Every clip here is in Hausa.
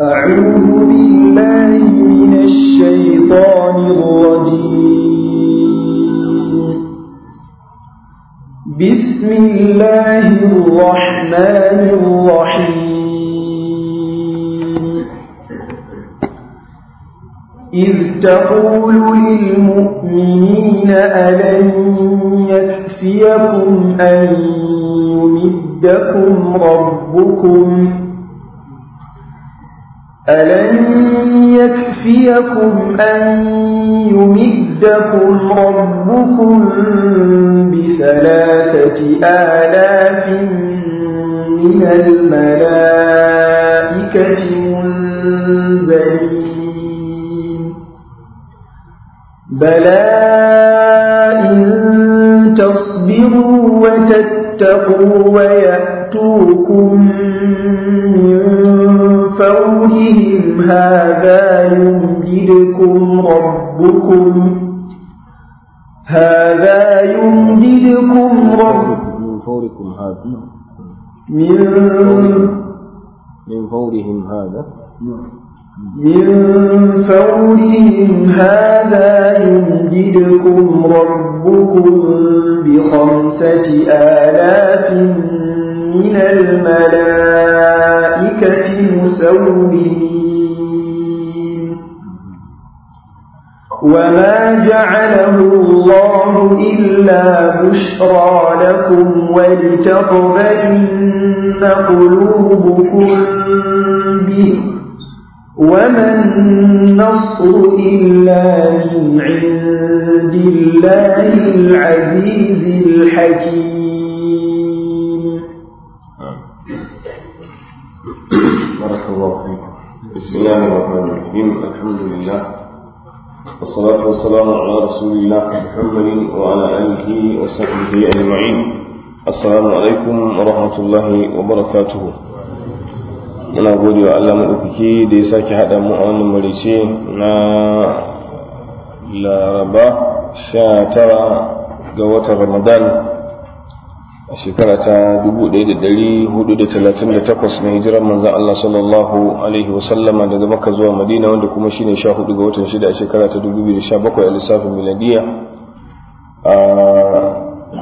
أعوذ بالله من الشيطان الرجيم بسم الله الرحمن الرحيم إذ تقول للمؤمنين ألن يكفيكم أن يَمُدَّكُمْ رَبُّكُمْ أَلَنْ يَكْفِيَكُمْ أَنْ يُمِدَّكُمْ رَبُّكُمْ بِثَلَاثَةِ آلَافٍ مِنَ الْمَلَائِكَةِ مُنْزَلِينَ بَلَى يتقوا ويأتوكم من فورهم هذا يمددكم ربكم هذا يمددكم ربكم من فوركم هذا من من فورهم هذا من فورهم هذا يمددكم ربكم بخمسة آلاف من الملائكة مسومين وما جعله الله إلا بشرى لكم ولتقبلن قلوبكم به وما النصر إلا من عند الله العزيز الحكيم بارك الله فيكم بسم الله الرحمن الرحيم الحمد لله والصلاة والسلام على رسول الله محمد وعلى آله وصحبه أجمعين السلام عليكم ورحمة الله وبركاته muna gode wa Allah maɗaukaki da ya sake haɗa mu a wannan marice na laraba sha tara ga watan ramadan a shekara ta 1438 na hijiran manzan Allah sallallahu alaihi wasallama daga maka zuwa madina wanda kuma shine hudu ga watan shida a shekara ta 2017 a lissafin miladiya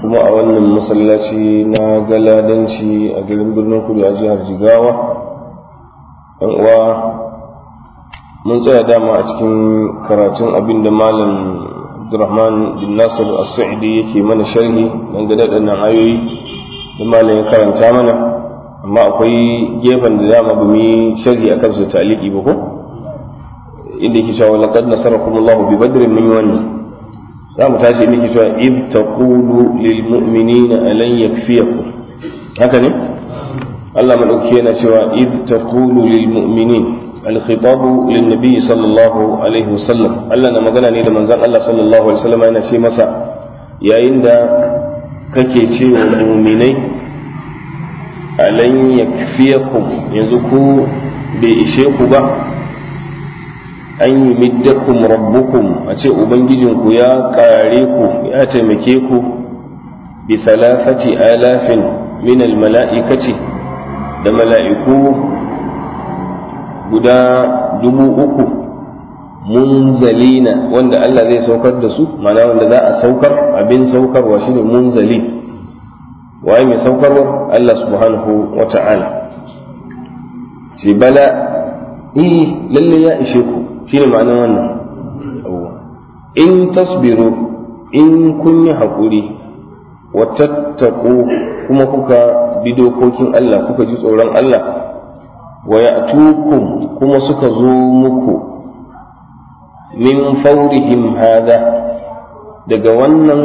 kuma a wannan masallaci na galadanci a garin birnin kudu a jihar jigawa uwa mun tsaya dama a cikin karatun abin da malam abdurrahman bin nasir as-sa'idi yake mana sharhi gada da nan ayoyi da malam ya karanta mana amma akwai gefen da dama ba mu yi sharhi akan su taliki ba ko inda yake cewa laqad nasarakum Allah bi badrin min wannan za mu tashi inda yake cewa id taqulu lil mu'minina alan yakfiyakum haka ne Allah maɗauki yana cewa id taqulu lil mu'minin al lin nabi sallallahu alaihi wasallam Allah na magana ne da manzon Allah sallallahu alaihi wasallam yana ce masa yayin da kake cewa mu'minai alan yakfiyakum yanzu ku bai ishe ku ba an yi middakum rabbukum a ce ubangijinku ya kare ku ya taimake ku bi a alafin min al mala'ikati da mala'iku guda dubu uku munzalina wanda Allah zai saukar da su mana wanda za a saukar abin saukarwa shi ne munzali waye mai saukarwa Allah subhanahu wa ta'ala ce bala eh lalle ya ishe ku shi ne ma'anar wannan in tasbiru in kun yi haƙuri wa tattaku kuma kuka bi dokokin Allah kuka ji tsoron Allah wa ya'tukum kuma suka zo muku min faurihim hada daga wannan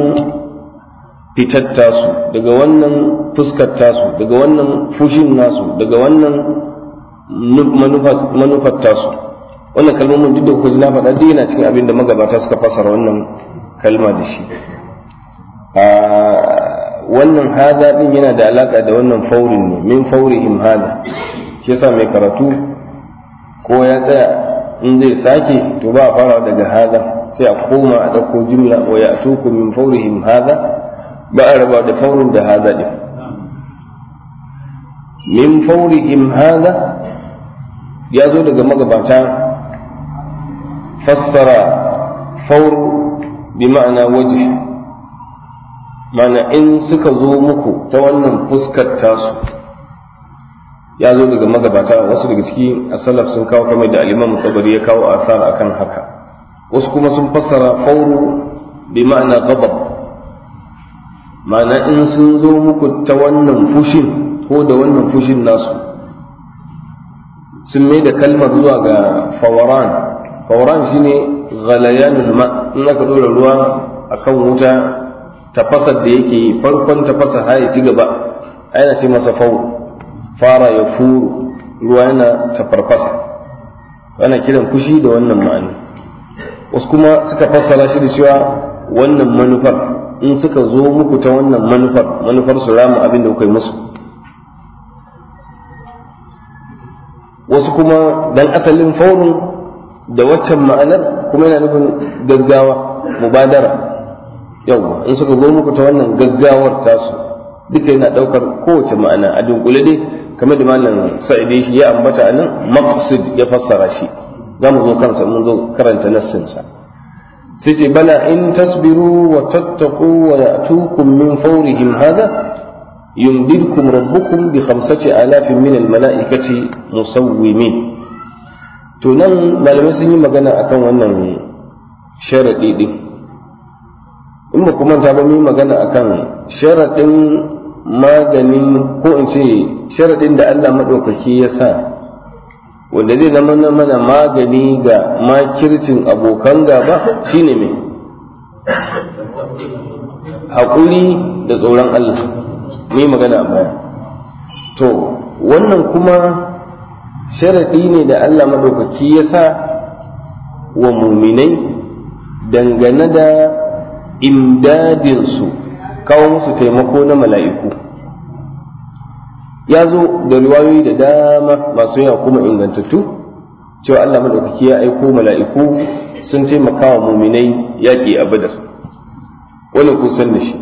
fitar tasu daga wannan fuskar tasu daga wannan fushin nasu daga wannan manufar tasu wannan kalmomin duk da kuka ji na faɗa duk yana cikin abin da magabata suka fasara wannan kalma da shi ah, wannan haza din yana da alaka da wannan faurin ne min in hada shi yasa mai karatu ko ya tsaya in zai sake to ba a fara daga haza sai a koma a ɗauko jumla wa ya tuku min in hada ba a raba da faurin da haza din min in hada ya zo daga magabata fassara fauru bi ma'ana waje mana in suka zo muku ta wannan fuskar tasu ya zo daga magabata wasu daga ciki a sun kawo kamar da aliman mutabari ya kawo asar akan haka wasu kuma sun fassara fauru bi ma'ana gabab ma'ana in sun zo muku ta wannan fushin ko da wannan fushin nasu sun mai da kalmar zuwa ga fawaran fawaran shine ghalayanul ma in aka dora ruwa akan wuta tafasar da yake yi farkon tafasar har ya ci gaba yana ce masa fau fara ya furu ruwa yana tafarfasa ana kiran kushi da wannan ma'ani wasu kuma suka fassara shi da cewa wannan manufar in suka zo muku ta wannan manufar manufar su rama abin da kuka musu wasu kuma dan asalin faurin da waccan ma'anar kuma yana nufin gaggawa mubadara yawa in suka zo muku ta wannan gaggawar tasu duka yana daukar kowace ma'ana a dunkule dai kamar da malam sa'idi shi ya ambata a nan, maqsid ya fassara shi Zamu mu zo kansa mun zo karanta nassin sa sai ce bala in tasbiru wa tattaqu wa ya'tukum min fawrihim hadha bi khamsati بخمسة min al malaikati musawwimin to nan malamai sun yi magana akan wannan sharaɗi ɗin in ba kuma ta ba mai magana akan sharaɗin maganin ko in ce sharaɗin da Allah maɗaukaki ya sa wanda zai zama na mana magani ga makircin abokan gaba shine mai haƙuri da tsoron Allah mai magana baya to wannan kuma sharaɗi ne da Allah maɗaukaki ya sa wa muminai dangane da imdadinsu kawo musu taimako na mala'iku ya zo da ruwayoyi da dama masu yawa kuma ingantattu cewa Allah madaukaki ya aiko mala'iku sun taimaka wa muminai yaƙi a badar wani kusan da shi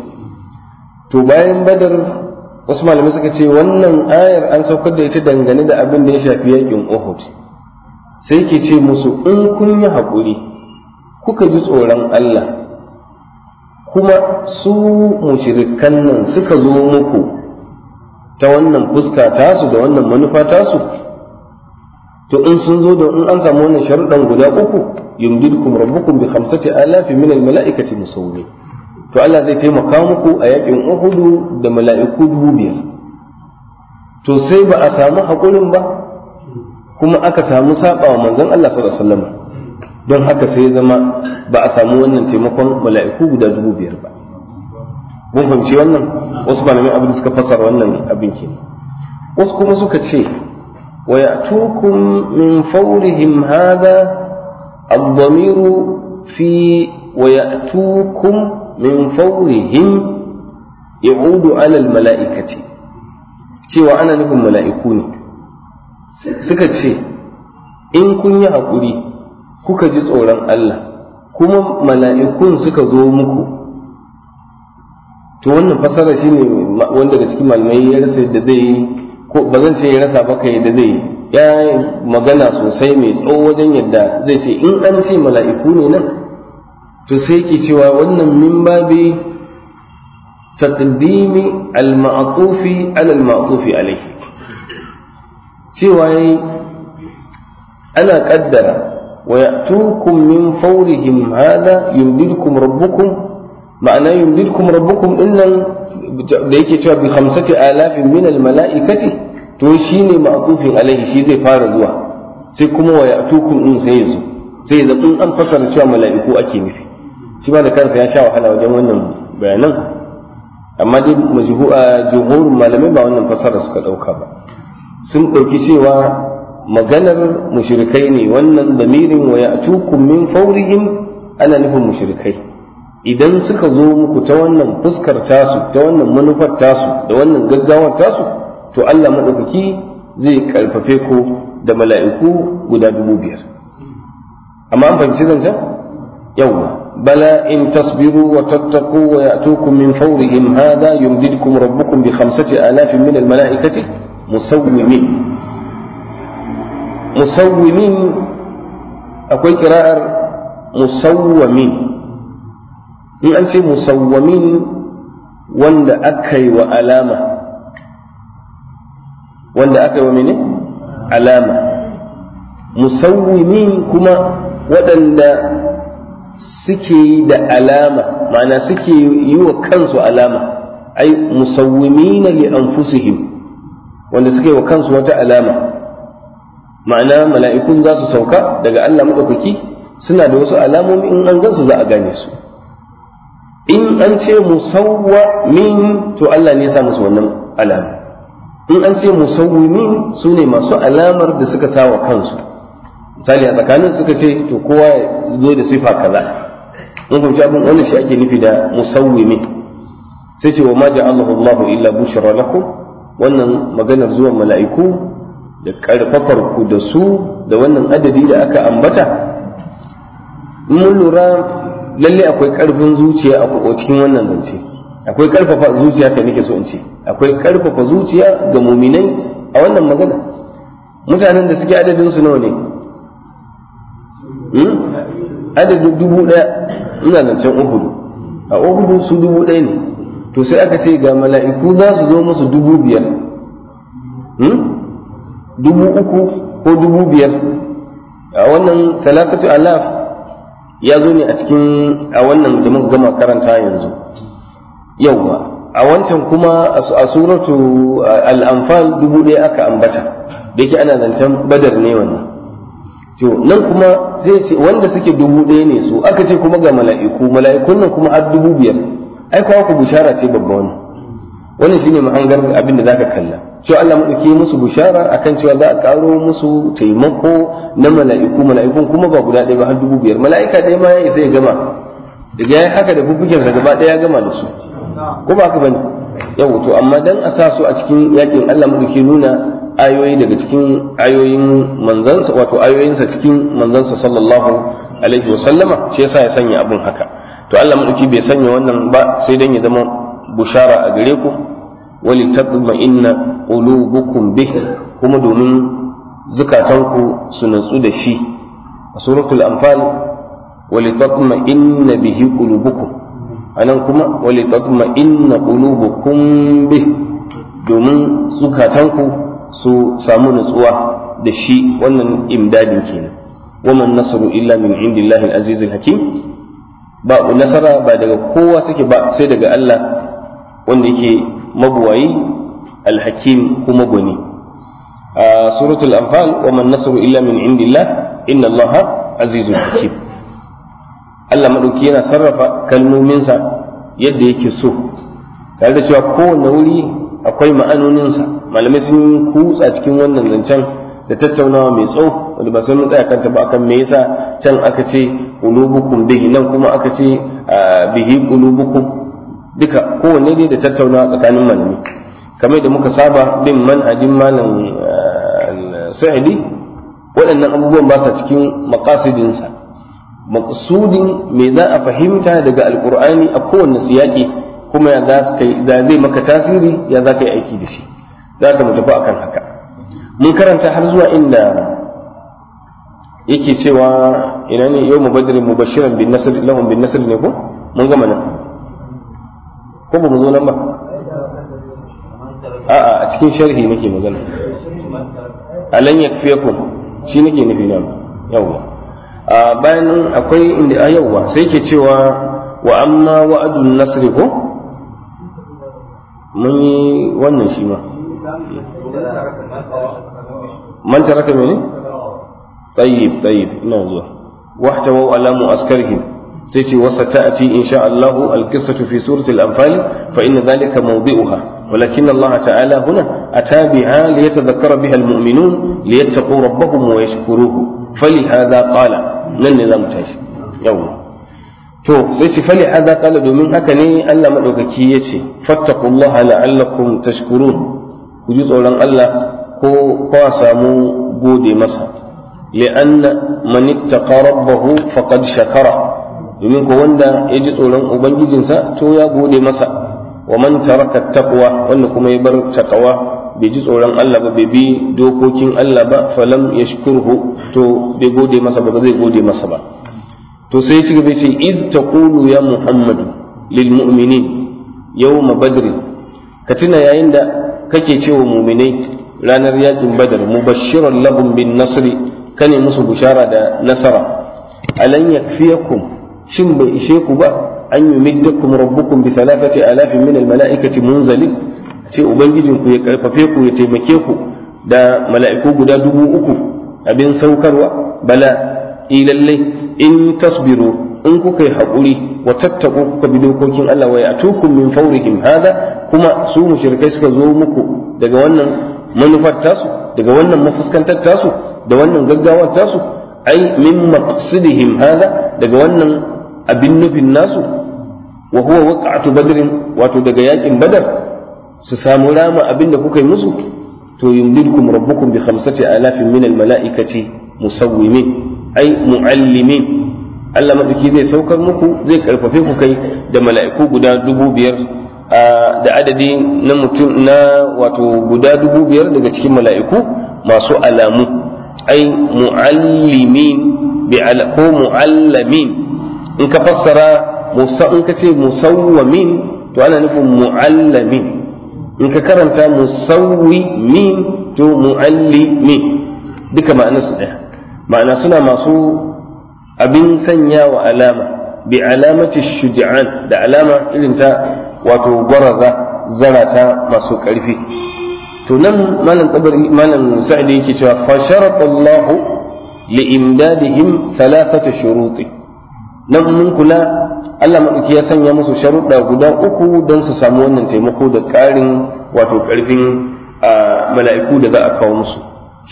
to bayan badar wasu malamai suka ce wannan ayar an saukar da ita dangane da abin da ya shafi yaƙin uhud sai ke ce musu in kun yi haƙuri kuka ji tsoron Allah kuma su mushirikan nan suka zo muku ta wannan fuska tasu da wannan manufa tasu to in sun zo da in an samu wannan sharuɗan guda uku yumdidkum rabbukum bi khamsati alafi min al mala'ikati musawwimin to Allah zai taimaka muku a yakin Uhudu da mala'iku dubu biyar to sai ba a samu haƙurin ba kuma aka samu sabawa wa manzon Allah sallallahu alaihi wasallam don haka sai zama ba a samu wannan taimakon mala'iku guda dubu biyar ba mun fahimci wannan wasu malamai abin suka fasara wannan abin ke wasu kuma suka ce wa ya'tukum min fawrihim hadha ad-damiru fi wa ya'tukum min fawrihim ya'udu alal mala'ika ce. cewa ana nufin mala'iku ne suka ce in kun yi haƙuri kuka ji tsoron Allah kuma mala'ikun suka zo muku to wannan fasara shine wanda da cikin malamai ya rasa yadda zai yi ko ba zan ce ya rasa ba kai yadda zai yi ya magana sosai mai tsawo wajen yadda zai ce in an ce mala'iku ne nan to sai ke cewa wannan min babi taqdimi al-ma'tufi ala al-ma'tufi alayhi cewa ana kaddara ويأتوكم من فورهم هذا يمددكم ربكم معناه يمددكم ربكم إلا ديكي توا بخمسة آلاف من الملائكة توشيني معطوف عليه شيء زي فارزوا سيكم ويأتوكم إن سيزو sai da in an fasara cewa mala'iku ake nufi shi da kansa ya sha wahala wajen wannan bayanan amma dai majhu a jumhur malamai ba wannan fasara suka ɗauka ba sun ɗauki cewa maganar mushrikai ne wannan damirin wa ya tukun min fawrihim ana nufin mushrikai idan suka zo muku ta wannan fuskar tasu ta wannan manufar tasu da wannan gaggawar tasu to Allah madaukaki zai karfafe ku da mala'iku guda dubu biyar amma an fahimci zancen yawwa بلى إن تصبروا وتتقوا ويأتوكم من فورهم هذا يمددكم ربكم بخمسة آلاف من الملائكة musawwimin musawwimin akwai kira'ar musawwamin in an ce musawwamin wanda aka yi wa alama wanda aka yi wa mene alama musawwimin kuma waɗanda suke yi da alama ma'ana suke yi wa kansu alama ai musawwimin li anfusihim wanda suke wa kansu wata alama ma'ana mala'ikun za su sauka daga Allah maɗaukaki suna da wasu alamomi in an gansu za a gane su in an ce musawwa min to Allah ne ya musu wannan alama in an ce musawwimin su ne masu alamar da suka sa wa kansu misali a tsakanin suka ce to kowa ya zo da sifa kaza In fahimci abin wannan shi ake nufi da musawwimin sai ce wa ma ja'alahu Allahu illa bushra lakum wannan maganar zuwan mala'iku da ƙarfafar ku da su da wannan adadi da aka ambata mun lura lalle akwai ƙarfin zuciya a cikin wannan zance akwai ƙarfafa zuciya kai nake so in ce akwai ƙarfafa zuciya ga muminai a wannan magana mutanen da suke adadin su nawa ne hmm? adadin dubu ɗaya ina zancen uhudu a uhudu su dubu ɗaya ne to sai aka ce ga mala'iku za su zo musu dubu biyar hmm? dubu uku ko dubu biyar a wannan talatatu alaf ya zo ne a cikin a wannan da muka gama karanta yanzu yauwa a wancan kuma a suratu al'amfal dubu ɗaya aka ambata da yake ana zancen badar ne wannan to nan kuma sai ce wanda suke dubu ɗaya ne su aka ce kuma ga mala'iku mala'ikun nan kuma har dubu biyar ai ku bishara ce babba wannan wannan shine mahangar abin da zaka kalla cewa Allah madauki musu bushara akan cewa za a karo musu taimako na mala'iku mala'ikun kuma ba guda ɗaya ba har dubu biyar mala'ika ɗaya ma ya isa ya gama daga yayin haka da bubbukin sa gaba ɗaya ya gama da su ko ba haka bane yau to amma dan a sa su a cikin yakin Allah madauki nuna ayoyi daga cikin ayoyin manzansa wato ayoyinsa cikin manzansa sallallahu alaihi wasallama shi yasa ya sanya abun haka to Allah madauki bai sanya wannan ba sai dan ya zama bushara a gare ku wali tatma inna qulubukum bih kuma domin zukatanku su natsu da shi a suratul anfal wali tatma inna bihi qulubukum anan kuma wali tatma inna qulubukum bih domin zukatanku su samu natsuwa da shi wannan imdadin kenan waman nasaru illa min indillahi al-aziz hakim ba nasara ba daga kowa suke ba sai daga Allah wanda yake mabuwayi alhakim kuma gwani a suratul anfal wa man nasru illa min indillah inna allaha azizul hakim Allah madauki yana sarrafa kalmominsa yadda yake so tare da cewa kowane wuri akwai ma'anoninsa malamai sun kutsa cikin wannan zancen da tattaunawa mai tsawo wanda ba sai mun tsaya kanta ba akan me yasa can aka ce ulubukum bihi nan kuma aka ce bihi ulubukum duka kowanne ne da tattauna tsakanin malami kamar da muka saba bin manhajin malam eh, sa'idi waɗannan abubuwan ba sa cikin maqasidinsa maqsudin me za a fahimta daga alqur'ani a kowanne siyaki kuma ya za zai maka tasiri ya za kai aiki da shi za ka mu tafi akan haka mun karanta har zuwa inda yake cewa ina ne yau mubadirin mubashiran bin nasr lahum bin nasr ne ko mun gama nan ko ba mu zo nan ba a'a a cikin sharhi nake magana alan yakfiyakum shi nake nufi nan yawwa a bayan akwai inda a yawwa sai ke cewa wa amma wa'adun nasri ko mun yi wannan shi ma man taraka mene tayyib tayyib ina zuwa wa alamu mu'askarihim sai ce wasa ta'ati insha sha allahu qissatu fi surati al fa inna zalika mawdi'uha walakin Allah ta'ala huna atabiha liyatadhakkara biha al-mu'minun liyattaqu rabbahum wa yashkuruhu falihadha qala nan ne zamu tashi yawa to sai ce fali hadha qala domin haka ne Allah madaukaki yace fattaqullaha la'allakum tashkurun ku ji tsoron Allah ko ko samu gode masa li'anna man ittaqa rabbahu faqad shakara domin ko wanda ya ji tsoron ubangijinsa to ya gode masa wa man taraka taqwa wanda kuma ya bar taqwa bai ji tsoron Allah ba bai bi dokokin Allah ba falam yashkurhu to bai gode masa ba zai gode masa ba to sai shi gaba sai id taqulu ya muhammadu lil mu'minin yawma badr ka tuna yayin da kake cewa mu'minai ranar yakin badar mubashiran lahum bin nasri kane musu bushara da nasara alan yakfiyakum shin bai ishe ku ba an yi middakum rabbukum bi thalathati alafin min almalaikati munzalin sai ubangijin ku ya karfafe ku ya taimake ku da mala'iku guda dubu uku abin saukarwa bala lallai, in tasbiru in kuka yi haƙuri wa tattaku kuka bi dokokin Allah wa ya'tukum min fawrihim hada kuma su mushrikai suka zo muku daga wannan manufar tasu daga wannan mafuskantar tasu da wannan gaggawar tasu ai min maqsidihim hada daga wannan abin nufin nasu wa huwa waqa'atu badrin wato daga yakin badar su samu rama abin da kuka yi musu to yumdidkum rabbukum bi khamsati alafin min almalaikati musawwimin ai muallimin Allah madaki zai saukar muku zai karfafe ku kai da mala'iku guda dubu biyar da adadi na mutum na wato guda dubu biyar daga cikin mala'iku masu alamu ai mu'allimin ko mu'allamin in ka fassara in ka ce musawwamin to ana nufin mu'allamin in ka karanta musawwi min to mu'allimin duka ma'anar su ɗaya ma'ana suna masu abin sanya wa alama bi alamati shuja'an da alama irin ta wato gwaraza zarata masu ƙarfi to nan malam tabari malam sa'idi yake cewa fa sharata Allahu li imdadihim thalathata shuruti nan mun kula Allah maɗauki ya sanya musu sharuɗa guda uku don su samu wannan taimako da ƙarin wato ƙarfin mala'iku da za a kawo musu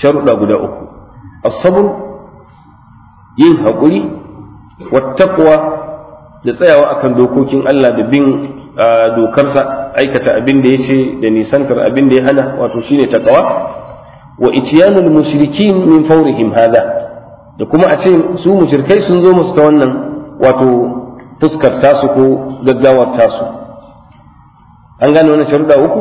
sharuɗa guda uku asabur yin haƙuri wattaƙwa da tsayawa akan dokokin Allah da bin dokarsa aikata abin da ya ce da nisantar abin da ya hana wato shine taƙawa wa itiyanul mushrikin min fawrihim hada da kuma a ce su mushrikai sun zo musu ta wannan wato fuskar tasu ko gaggawar tasu an gane wannan sharuɗa uku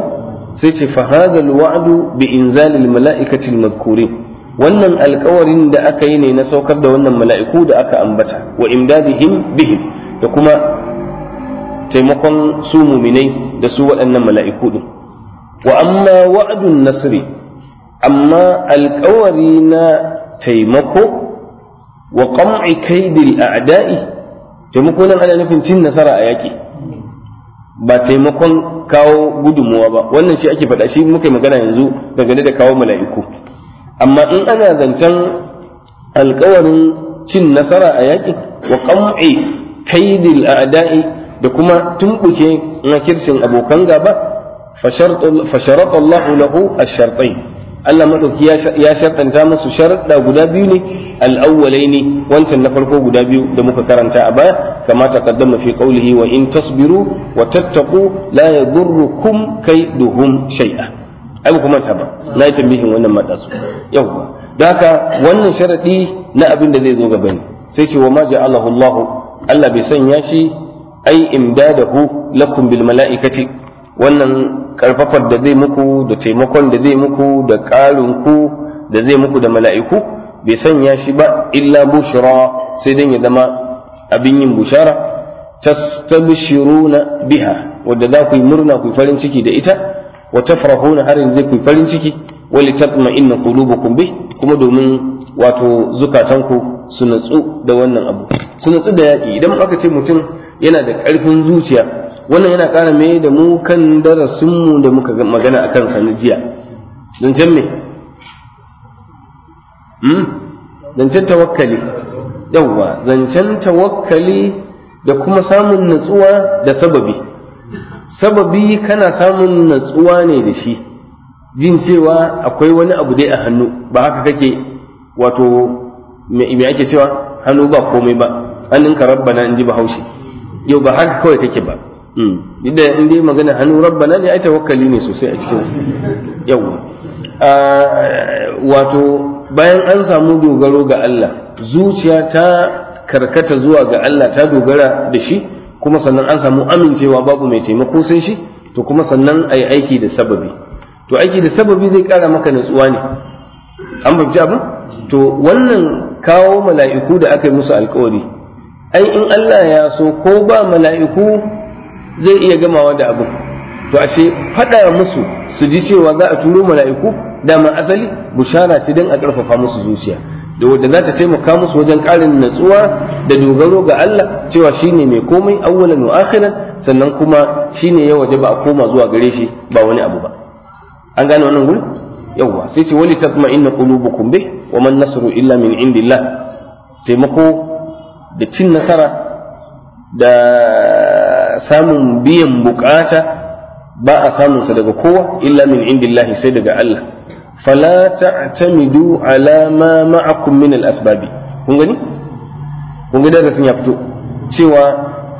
sai ce fa hadha alwa'du bi inzal almalaikati almadhkurin wannan alkawarin da aka yi ne na saukar da wannan mala'iku da aka ambata wa imdadihim bihim da kuma taimakon su muminai da su waɗannan mala'iku din wa amma wa'adun nasri amma alkawari na taimako wa qam'i kaidil a'da'i taimako nan ana nufin cin nasara a yaƙi ba taimakon kawo gudunmuwa ba wannan shi ake faɗa shi muka yi magana yanzu dangane da kawo mala'iku amma in ana zancen alkawarin cin nasara a yaƙi wa ƙam'i kaidil a'da'i da kuma tumbuke na kirsin abokan gaba fa sharatu Allahu lahu ash Allah madauki ya sharɗanta musu sharaɗa guda biyu ne al'awwalai ne wancan na farko guda biyu da muka karanta a baya kama taqaddama fi qawlihi wa in tasbiru wa tattaqu la yadurrukum kaiduhum shay'a ai kuma ta ba na yi tambihin wannan madasu Yau, da haka wannan sharaɗi na abin da zai zo gaba ne sai ce wa ma ja'alahu Allah Allah bai sanya shi ai imdadahu lakum bil mala'ikati wannan karfafar da zai muku da taimakon da zai muku da ƙarin ku da zai muku da mala'iku bai sanya shi ba illa bushra sai dan ya zama abin yin bushara tastabshiruna biha wadda za ku yi murna ku farin ciki da ita wa tafrahuna har yanzu ku farin ciki wa inna qulubukum kumbi, kuma domin wato zukatanku su natsu da wannan abu su natsu da yaƙi idan aka ce mutum yana da ƙarfin zuciya wannan yana ƙara mai da mu kan darasinmu da muka magana a kan na jiya zancen me hmm? zancen tawakkali yawwa zancen tawakkali da kuma samun natsuwa da sababi sababi kana samun natsuwa ne da shi jin cewa akwai wani abu dai a hannu ba haka kake wato me ake cewa hannu ba komai ba hannunka rabbana in ji bahaushe yau ba haka kawai kake ba Hmm. inda in dai magana hannu rabbana ne ai tawakkali ne sosai a cikin Yau, ah, wato bayan an samu dogaro ga Allah zuciya ta karkata zuwa ga Allah ta dogara da shi kuma sannan an samu amincewa babu mai taimako sai shi to kuma sannan a yi aiki da sababi to aiki da sababi zai kara maka natsuwa ne an fahimci abin to wannan kawo mala'iku da aka yi musu alkawari ai in Allah ya so ko ba mala'iku zai iya gamawa da abu to ashe faɗa musu su ji cewa za a turo mala'iku man asali bushara ce don a ƙarfafa musu zuciya da wadda za ta taimaka musu wajen ƙarin natsuwa da dogaro ga Allah cewa shine mai komai awwalan wa akhiran sannan kuma shine ya waje ba a koma zuwa gare shi ba wani abu ba an gane wannan guri yawwa sai ce wali tatma inna qulubukum bih wa man nasru illa min indillah taimako da cin nasara da samun biyan bukata ba a samunsa daga kowa illa min indillahi sai daga Allah fala ta'tamidu ala ma ma'akum min al-asbabi kun gani kun ga darasin ya fito cewa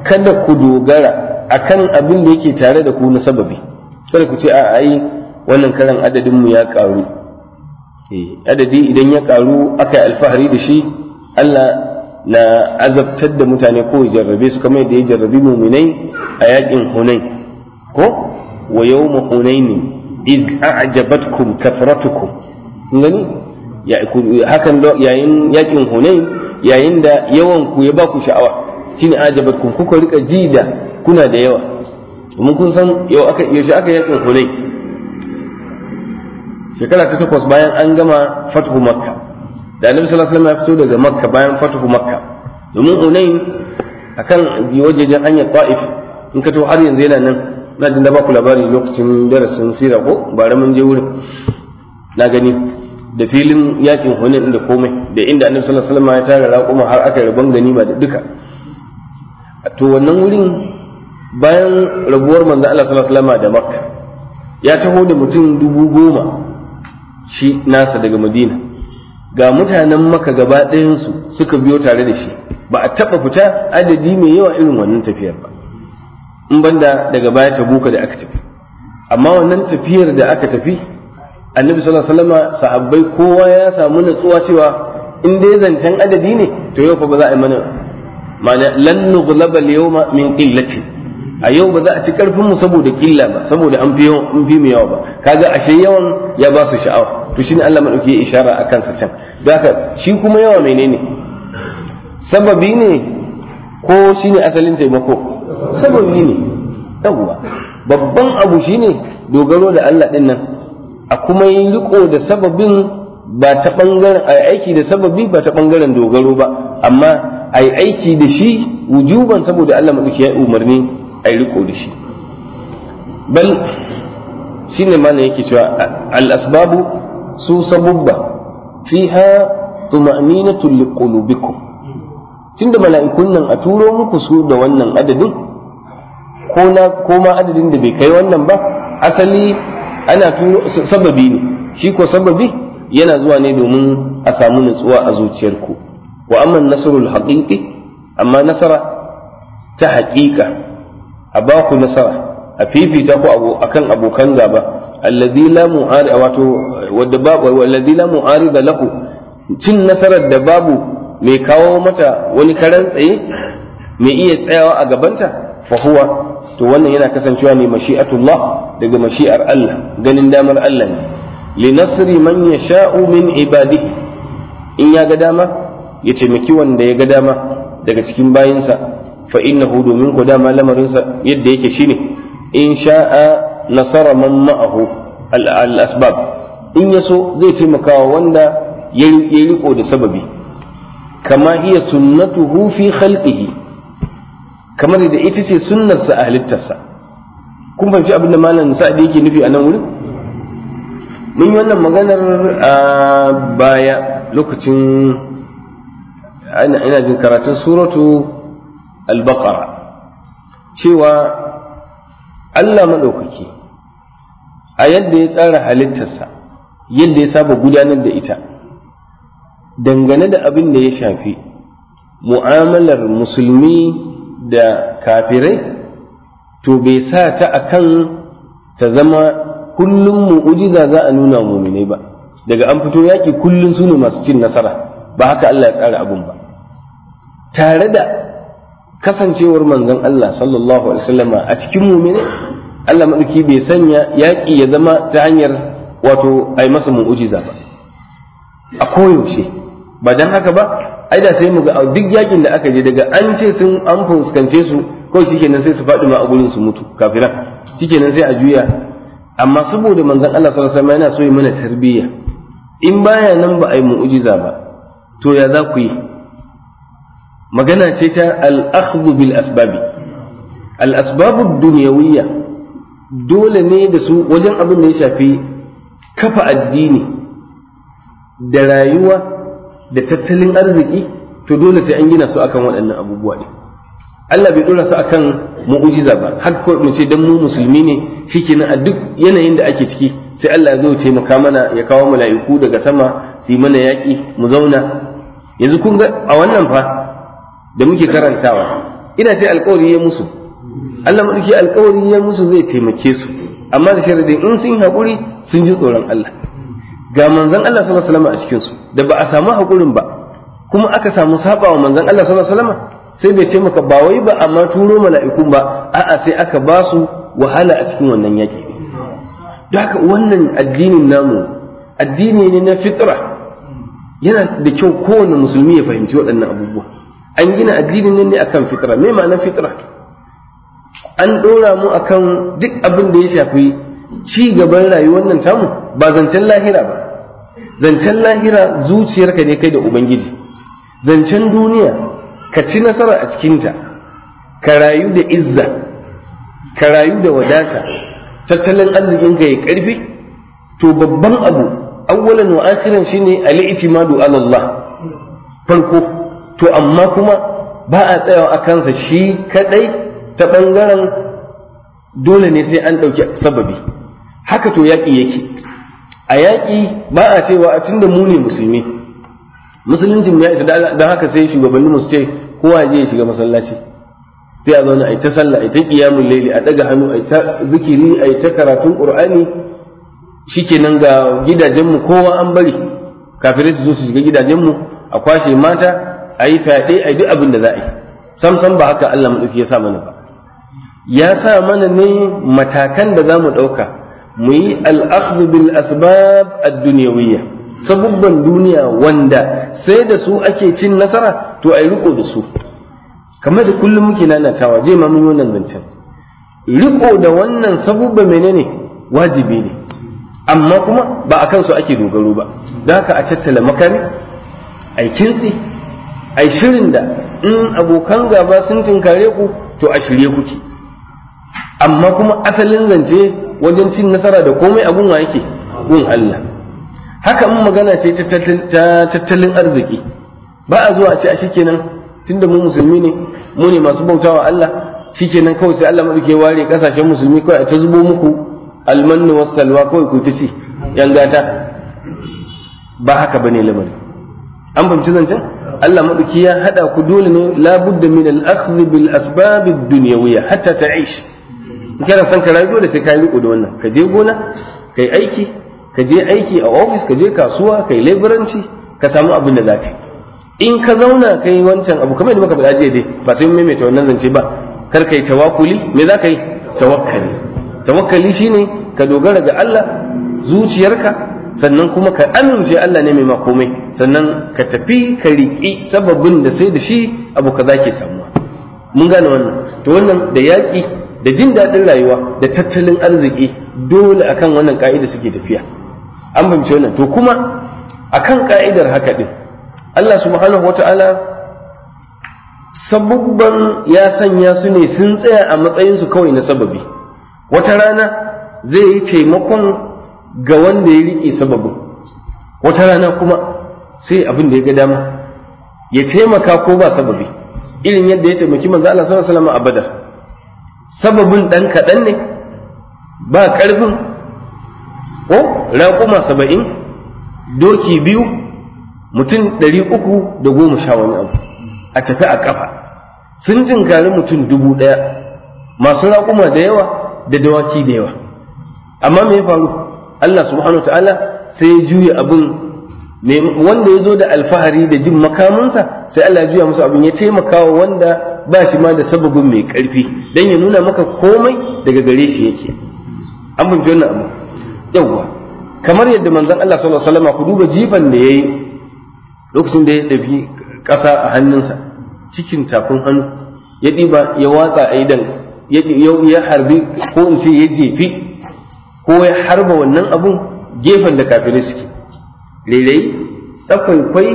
kada ku dogara akan abin da yake tare da ku na sababi kada ku ce a ai wannan karan adadin mu ya karu eh, adadi idan ya karu aka yi alfahari da shi Allah na azabtar da mutane ko ya jarrabe su kamar yadda ya jarrabi muminai a yakin hunai ko wa yawma hunaini iz a'jabatkum kathratukum gani hakan yayin yakin hunai yayin da yawan ku ya ba ku sha'awa shine ajabatkum kuka rika ji da kuna da yawa mun kun san yau aka yaushe aka yakin hunai shekara ta takwas bayan an gama fatuhu makkah da annabi sallallahu alaihi wasallam ya fito daga makka bayan fatuhu makka domin unain akan wajejen hanyar qaif in ka to har yanzu yana nan na jin da ba ku labari lokacin darasin sira ko bare mun je wurin na gani da filin yakin hunin da komai da inda annabi sallallahu alaihi wasallam ya tara raƙuma har aka rabon ba da duka to wannan wurin bayan rabuwar manzo Allah sallallahu alaihi wasallam da makka ya taho da mutum dubu goma shi nasa daga madina ga mutanen maka gaba ɗayansu suka biyo tare da shi ba a taɓa fita adadi mai yawa irin wannan tafiyar ba in banda daga baya ta buka da aka tafi amma wannan tafiyar da aka tafi annabi sallallahu alaihi wasallam sahabbai kowa ya samu natsuwa cewa in dai zancen adadi ne to yau fa ba za a yi mana ma'ana lan nughlaba al-yawma min qillatin a yau ba za a ci karfin mu saboda killa ba saboda an fi an fi mu yawa ba kaga ashe yawan ya ba su sha'awa to shine Allah madauki ya ishara akan sa can don haka shi kuma yawa menene sababi ne ko shine asalin taimako sababi ne yawa babban abu shine dogaro da Allah din nan a kuma yin riko da sababin ba ta bangaren aiki da sababi ba ta bangaren dogaro ba amma ai aiki da shi wujuban saboda Allah madauki ya umarni a yi riko da shi bal shi ne yake cewa al'asbabu su sabubba fiha tuma'ninatu liqulubikum tunda mala'ikun nan a turo muku su da wannan adadin ko na ko ma adadin da bai kai wannan ba asali ana turo sababi ne shi ko sababi yana zuwa ne domin a samu nutsuwa a zuciyarku wa amma nasrul haqiqi amma nasara ta haƙiƙa a ba ku nasara a fifita ku akan abokan gaba alladhi la mu'ari wato wadda babu alladhi la da laku cin nasarar da babu mai kawo mata wani karan tsaye mai iya tsayawa a gabanta fa huwa to wannan yana kasancewa ne mashi'atullah daga mashi'ar Allah ganin damar Allah ne li nasri man yasha'u min ibadihi in ya ga dama ya taimaki wanda ya ga dama daga cikin bayinsa fa innahu domin ku dama lamarinsa yadda yake shine in sha'a nasara man ma'ahu al asbab in yaso zai taimakawa wanda ya riko da sababi kama hiya sunnatuhu fi khalqihi kamar da ita ce sunnarsa a halittarsa kun fahimci abin da malam sa'ad yake nufi a nan wurin mun yi wannan maganar a baya lokacin ina jin karatun suratu al cewa Allah maɗaukaki a yadda ya tsara halittarsa yadda ya saba gudanar da ita dangane da abin da ya shafi mu'amalar musulmi da kafirai to bai sa ta a kan ta zama kullum mu'ujiza za a nuna muminai ba daga an fito yaƙi kullum su masu cin nasara ba haka Allah ya tsara abin ba tare da kasancewar manzon Allah sallallahu alaihi wasallama a cikin mu'mini Allah madauki bai sanya yaƙi ya zama ta hanyar wato ai masa mu'ujiza ba a koyaushe ba dan haka ba ai da sai mu ga duk yakin da aka je daga an ce sun an fuskance su kawai shikenan sai su faɗi ma a gurin su mutu kafira shikenan sai a juya amma saboda manzon Allah sallallahu alaihi wasallam yana so ya mana tarbiyya in baya nan ba ai mu'ujiza ba to ya za ku yi magana ce ta al bil asbabi al duniyawiyya dunyawiyya dole ne da su wajen abin da ya shafi kafa addini da rayuwa da tattalin arziki to dole sai an gina su akan waɗannan abubuwa ne Allah bai dora su akan mu'ujiza ba har ko mu ce dan mu musulmi ne shikenan a duk yanayin da ake ciki sai Allah zai taimaka mana ya kawo mala'iku daga sama su yi mana yaƙi mu zauna yanzu kun ga a wannan fa da muke karantawa ina ce alkawari ya musu Allah madauki alkawari ya musu zai taimake su amma da sharadin in sun haƙuri sun ji tsoron Allah ga manzon Allah sallallahu alaihi a cikin su da ba a samu haƙurin ba kuma aka samu sabawa manzon Allah sallallahu alaihi sai bai taimaka ba wai ba amma turo mala'ikun ba a'a sai aka ba su wahala a cikin wannan yaki don haka wannan addinin namu addini ne na fitra yana da kyau kowane musulmi ya fahimci waɗannan abubuwa an gina addinin nan ne akan fitra me ma'anar fitra an dora mu akan duk abin da ya shafi ci gaban rayuwar nan tamu ba zancen lahira ba zancen lahira zuciyarka ne kai da ubangiji zancen duniya ka ci nasara a cikinta ka rayu da izza ka rayu da wadata tattalin arzikinka ya karfi to babban abu awwalan wa akhiran shine al-i'timadu ala Allah farko to amma kuma ba a tsayawa a kansa shi kadai ta bangaren dole ne sai an ɗauki sababi haka to yaƙi yake a yaƙi ba a cewa a tunda mu ne musulmi Musulunci musuluncin ya isa don haka sai shugabanni mu ce kowa je ya shiga masallaci sai a zauna a yi ta sallah a ta ƙiyamun laili a ɗaga hannu a ta zikiri a yi ta karatun ƙur'ani shikenan ga gidajenmu kowa an bari kafirai su zo su shiga gidajenmu a kwashe mata a yi fyaɗe a yi duk abin da za yi sam sam ba haka Allah maɗauki ya sa mana ba ya sa mana ne matakan da za mu ɗauka mu yi al'akhdhu bil asbab ad-dunyawiyya sabubban duniya wanda sai da su ake cin nasara to ai riko da su kamar da kullum muke nanatawa je ma mun wannan zancen riko da wannan sabubba menene wajibi ne amma kuma ba a su ake dogaro ba don haka a tattala makami ai su. ai shirin da in abokan gaba sun tinkare ku to a shirye kuke amma kuma asalin zance wajen cin nasara da komai abun wa yake gun Allah haka in magana ce ta tattalin arziki ba a zuwa ce a shikenan tunda mu musulmi ne mu ne masu bautawa Allah shikenan kawai sai Allah madike ware kasashen musulmi kawai a ta zubo muku almannu wassalwa kawai ku ta ci yan gata ba haka bane lamarin an fahimci zancen Allah maɗuki ya haɗa ku dole ne labudda min al-akhdh bil asbab ad-dunyawiyya hatta ta'ish kana san ka rayu da sai ka riko da wannan ka je gona kai aiki ka je aiki a ofis, ka je kasuwa kai leburanci, ka samu abin da zaka in ka zauna kai wancan abu kamar yadda muka faɗa jiya dai ba sai mun maimaita wannan zance ba kar kai tawakkuli me zaka yi tawakkali tawakkali shine ka dogara ga Allah zuciyarka sannan kuma ka amince Allah ne mai makomai sannan ka tafi ka riƙi sababin da sai da shi abu ka zaki samuwa mun gane wannan to wannan da yaƙi da jin daɗin rayuwa da tattalin arziki dole akan wannan ka'ida suke tafiya an fahimci wannan to kuma akan ka'idar haka din Allah subhanahu wata'ala sabubban ya sanya su ne sun tsaya a matsayinsu kawai na sababi wata rana zai yi taimakon ga wanda ya riƙe sababin wata rana kuma sai abin da ya ga dama ya taimaka ko ba sababi irin yadda ya taimaki manzo Allah sallallahu alaihi wasallam a Badar sababin dan kaɗan ne ba karfin ko raƙuma saba'in doki biyu mutum ɗari uku da goma sha wani abu a tafi a ƙafa sun gari mutum dubu ɗaya masu raƙuma da yawa da dawaki da yawa amma me ya faru Allah subhanahu wa ta'ala sai ya juya abin wanda ya zo da alfahari da jin makaminsa sai Allah ya juya musu abin ya taimaka wa wanda ba shi ma da sababin mai karfi dan ya nuna maka komai daga gare shi yake an bin wannan abu yawwa kamar yadda manzon Allah sallallahu alaihi wasallam ku duba jifan da yayi lokacin da ya dafi kasa a hannunsa cikin tafin hannu ya diba ya watsa a ya harbi ko in ce ya jefi ko ya harba wannan abun gefen da kafirai suke rairayi tsakwaikwai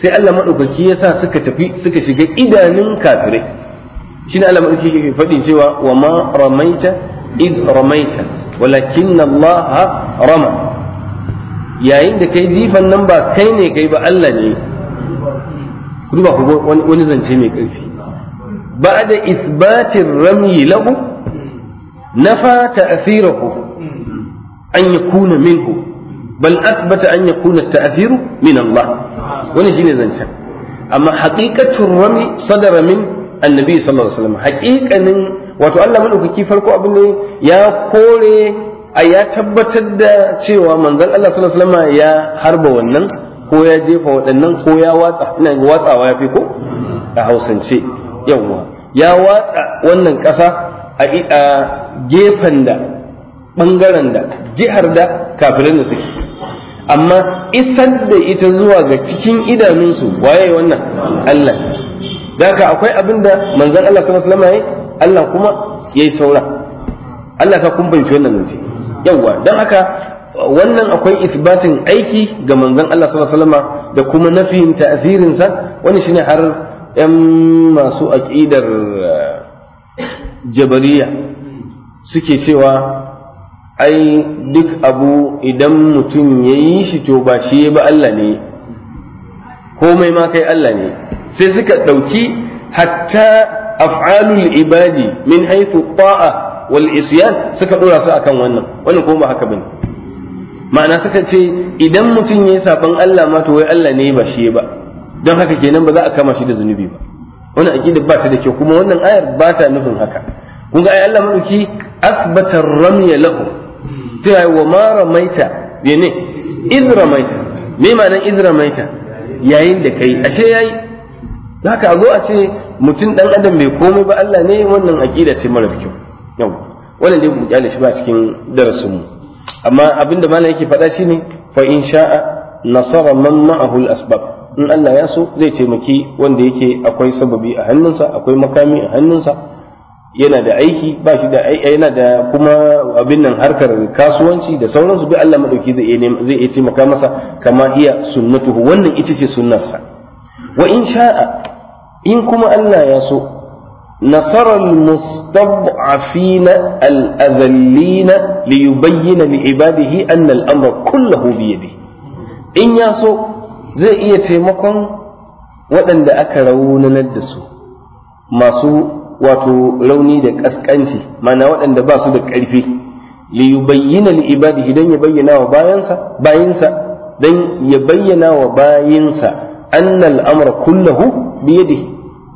sai Allah maɗaukaki ya sa suka tafi suka shiga idanun kafirai shi ne Allah maɗaukaki ke faɗi cewa wa ma ramaita iz ramaita walakin Allah rama yayin da kai jifan nan ba kai ne kai ba Allah ne ba ku wani zance mai ƙarfi ba da isbatin ramyi lahu nafa ta'asirahu an kuna minhu bal asbata an kuna ta'thiru min Allah wani shine zancen amma haqiqatul rami sadara min annabi sallallahu alaihi wasallam haqiqanin wato Allah madaukaki farko abin ne ya kore a ya tabbatar da cewa manzon Allah sallallahu alaihi wasallam ya harba wannan ko ya jefa waɗannan ko ya watsa ina watsawa yafi ko a hausance yawwa ya watsa wannan ƙasa a gefen da ɓangaren da jihar da kafirin da suke amma isar da ita zuwa ga cikin idanunsu waye wannan Allah daga akwai abin da manzan Allah sallallahu yi, Allah kuma yi saura Allah ka kun bayyana wannan zance yawa don haka wannan akwai isbatin aiki ga manzan Allah sallallahu alaihi da kuma nafiyin ta'zirin sa wani shine har yan masu aƙidar eh, jabariya suke cewa ai duk abu idan mutum ya yi shi to ba shi ba Allah ne komai ma kai Allah ne sai suka ɗauki hatta af'alul ibadi min haifu ta'a wal isyan suka dora su akan wannan wannan ko ba haka bane ma'ana suka ce idan mutum ya yi saban Allah ma to wai Allah ne ba shi ba don haka kenan ba za a kama shi da zunubi ba wannan aqida ba ta da kyau kuma wannan ayar ba ta nufin haka kun ga ai Allah madauki asbata ramya lahu cewa wa ma ramaita ne iz ramaita me ma'anar Izra maita yayin da kai ashe yayi haka a zo a ce mutum dan adam bai komai ba Allah ne wannan aƙida ce mara kyau yau wannan dai mu shi ba cikin darasin mu amma abinda malam yake faɗa shine fa in sha'a nasara man ma'ahu al-asbab in Allah ya so zai taimaki wanda yake akwai sababi a hannunsa akwai makami a hannunsa yana da aiki ba shi da yana da kuma abin nan harkar kasuwanci da sauransu bi Allah madauki zai zai taimaka masa kama iya sunnatuhu wannan ita ce sunnarsa wa in sha'a in kuma Allah ya so nasara almustad'afina al'azallina li yubayyana li ibadihi anna al'amra kullahu bi yadihi in ya so zai iya taimakon waɗanda aka raunanar da su masu wato rauni da kaskanci mana waɗanda ba su da ƙarfi li yubayyana li ibadihi dan ya bayyana wa bayansa bayinsa dan ya bayyana wa bayinsa anna al-amra kulluhu bi yadihi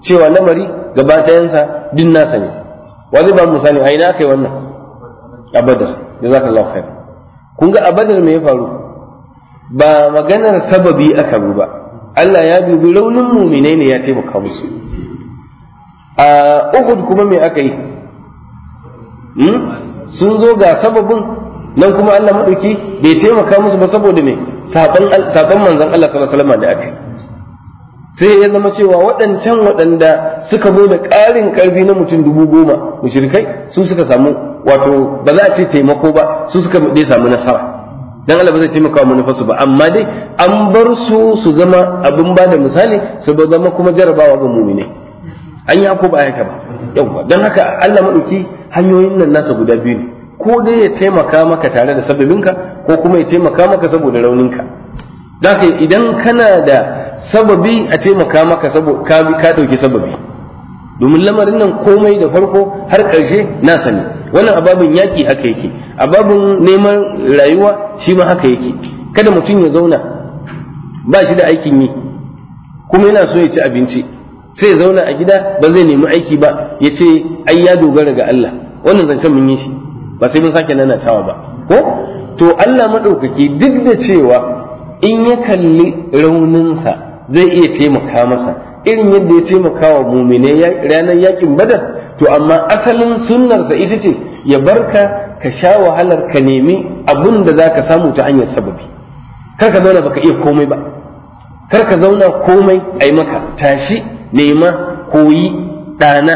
cewa lamari gaba ɗayansa din nasa ne wani ba misali a ina kai wannan a jazakallahu khair kun ga abadar me ya faru ba maganar sababi aka bi ba Allah ya dubi raunin muminai ne ya taimaka musu a uhud kuma me aka yi hmm? sun zo ga sababin nan kuma Allah maɗauki bai taimaka musu ba saboda me saban manzan Allah sallallahu alaihi da aka sai ya zama cewa waɗancan waɗanda suka zo da ƙarin ƙarfi na mutum dubu goma mushrikai su suka samu wato ba za a ce taimako ba su suka dai samu nasara dan Allah ba zai taimaka wa manufarsu ba amma dai an bar su su zama abin ba da misali su ba zama kuma jarabawa ga muminai an yi ko ba ya ba yawwa don haka Allah maɗauki hanyoyin nan nasa guda biyu ne ko dai ya taimaka maka tare da sababinka ko kuma ya taimaka maka saboda rauninka don idan kana da sababi a taimaka maka saboda ka ɗauki sababi domin lamarin nan komai da farko har ƙarshe na sani. wannan ababin yaƙi haka yake ababin neman rayuwa shi ma haka yake kada mutum ya zauna ba shi da aikin yi kuma yana so ya ci abinci sai zauna a gida ba zai nemi aiki ba ya ce ai ya dogara ga Allah wannan zancen mun yi shi ba sai mun sake nanatawa ba ko to Allah madaukaki duk da cewa in ya kalli rauninsa zai iya taimaka masa irin yadda ya taimaka wa mumine ranar yakin badar to amma asalin sunnarsa ita ce ya barka ka sha wahalar ka nemi abin da za ka samu ta hanyar sababi kar ka zauna baka iya komai ba kar ka zauna komai ai maka tashi nema koyi ɗana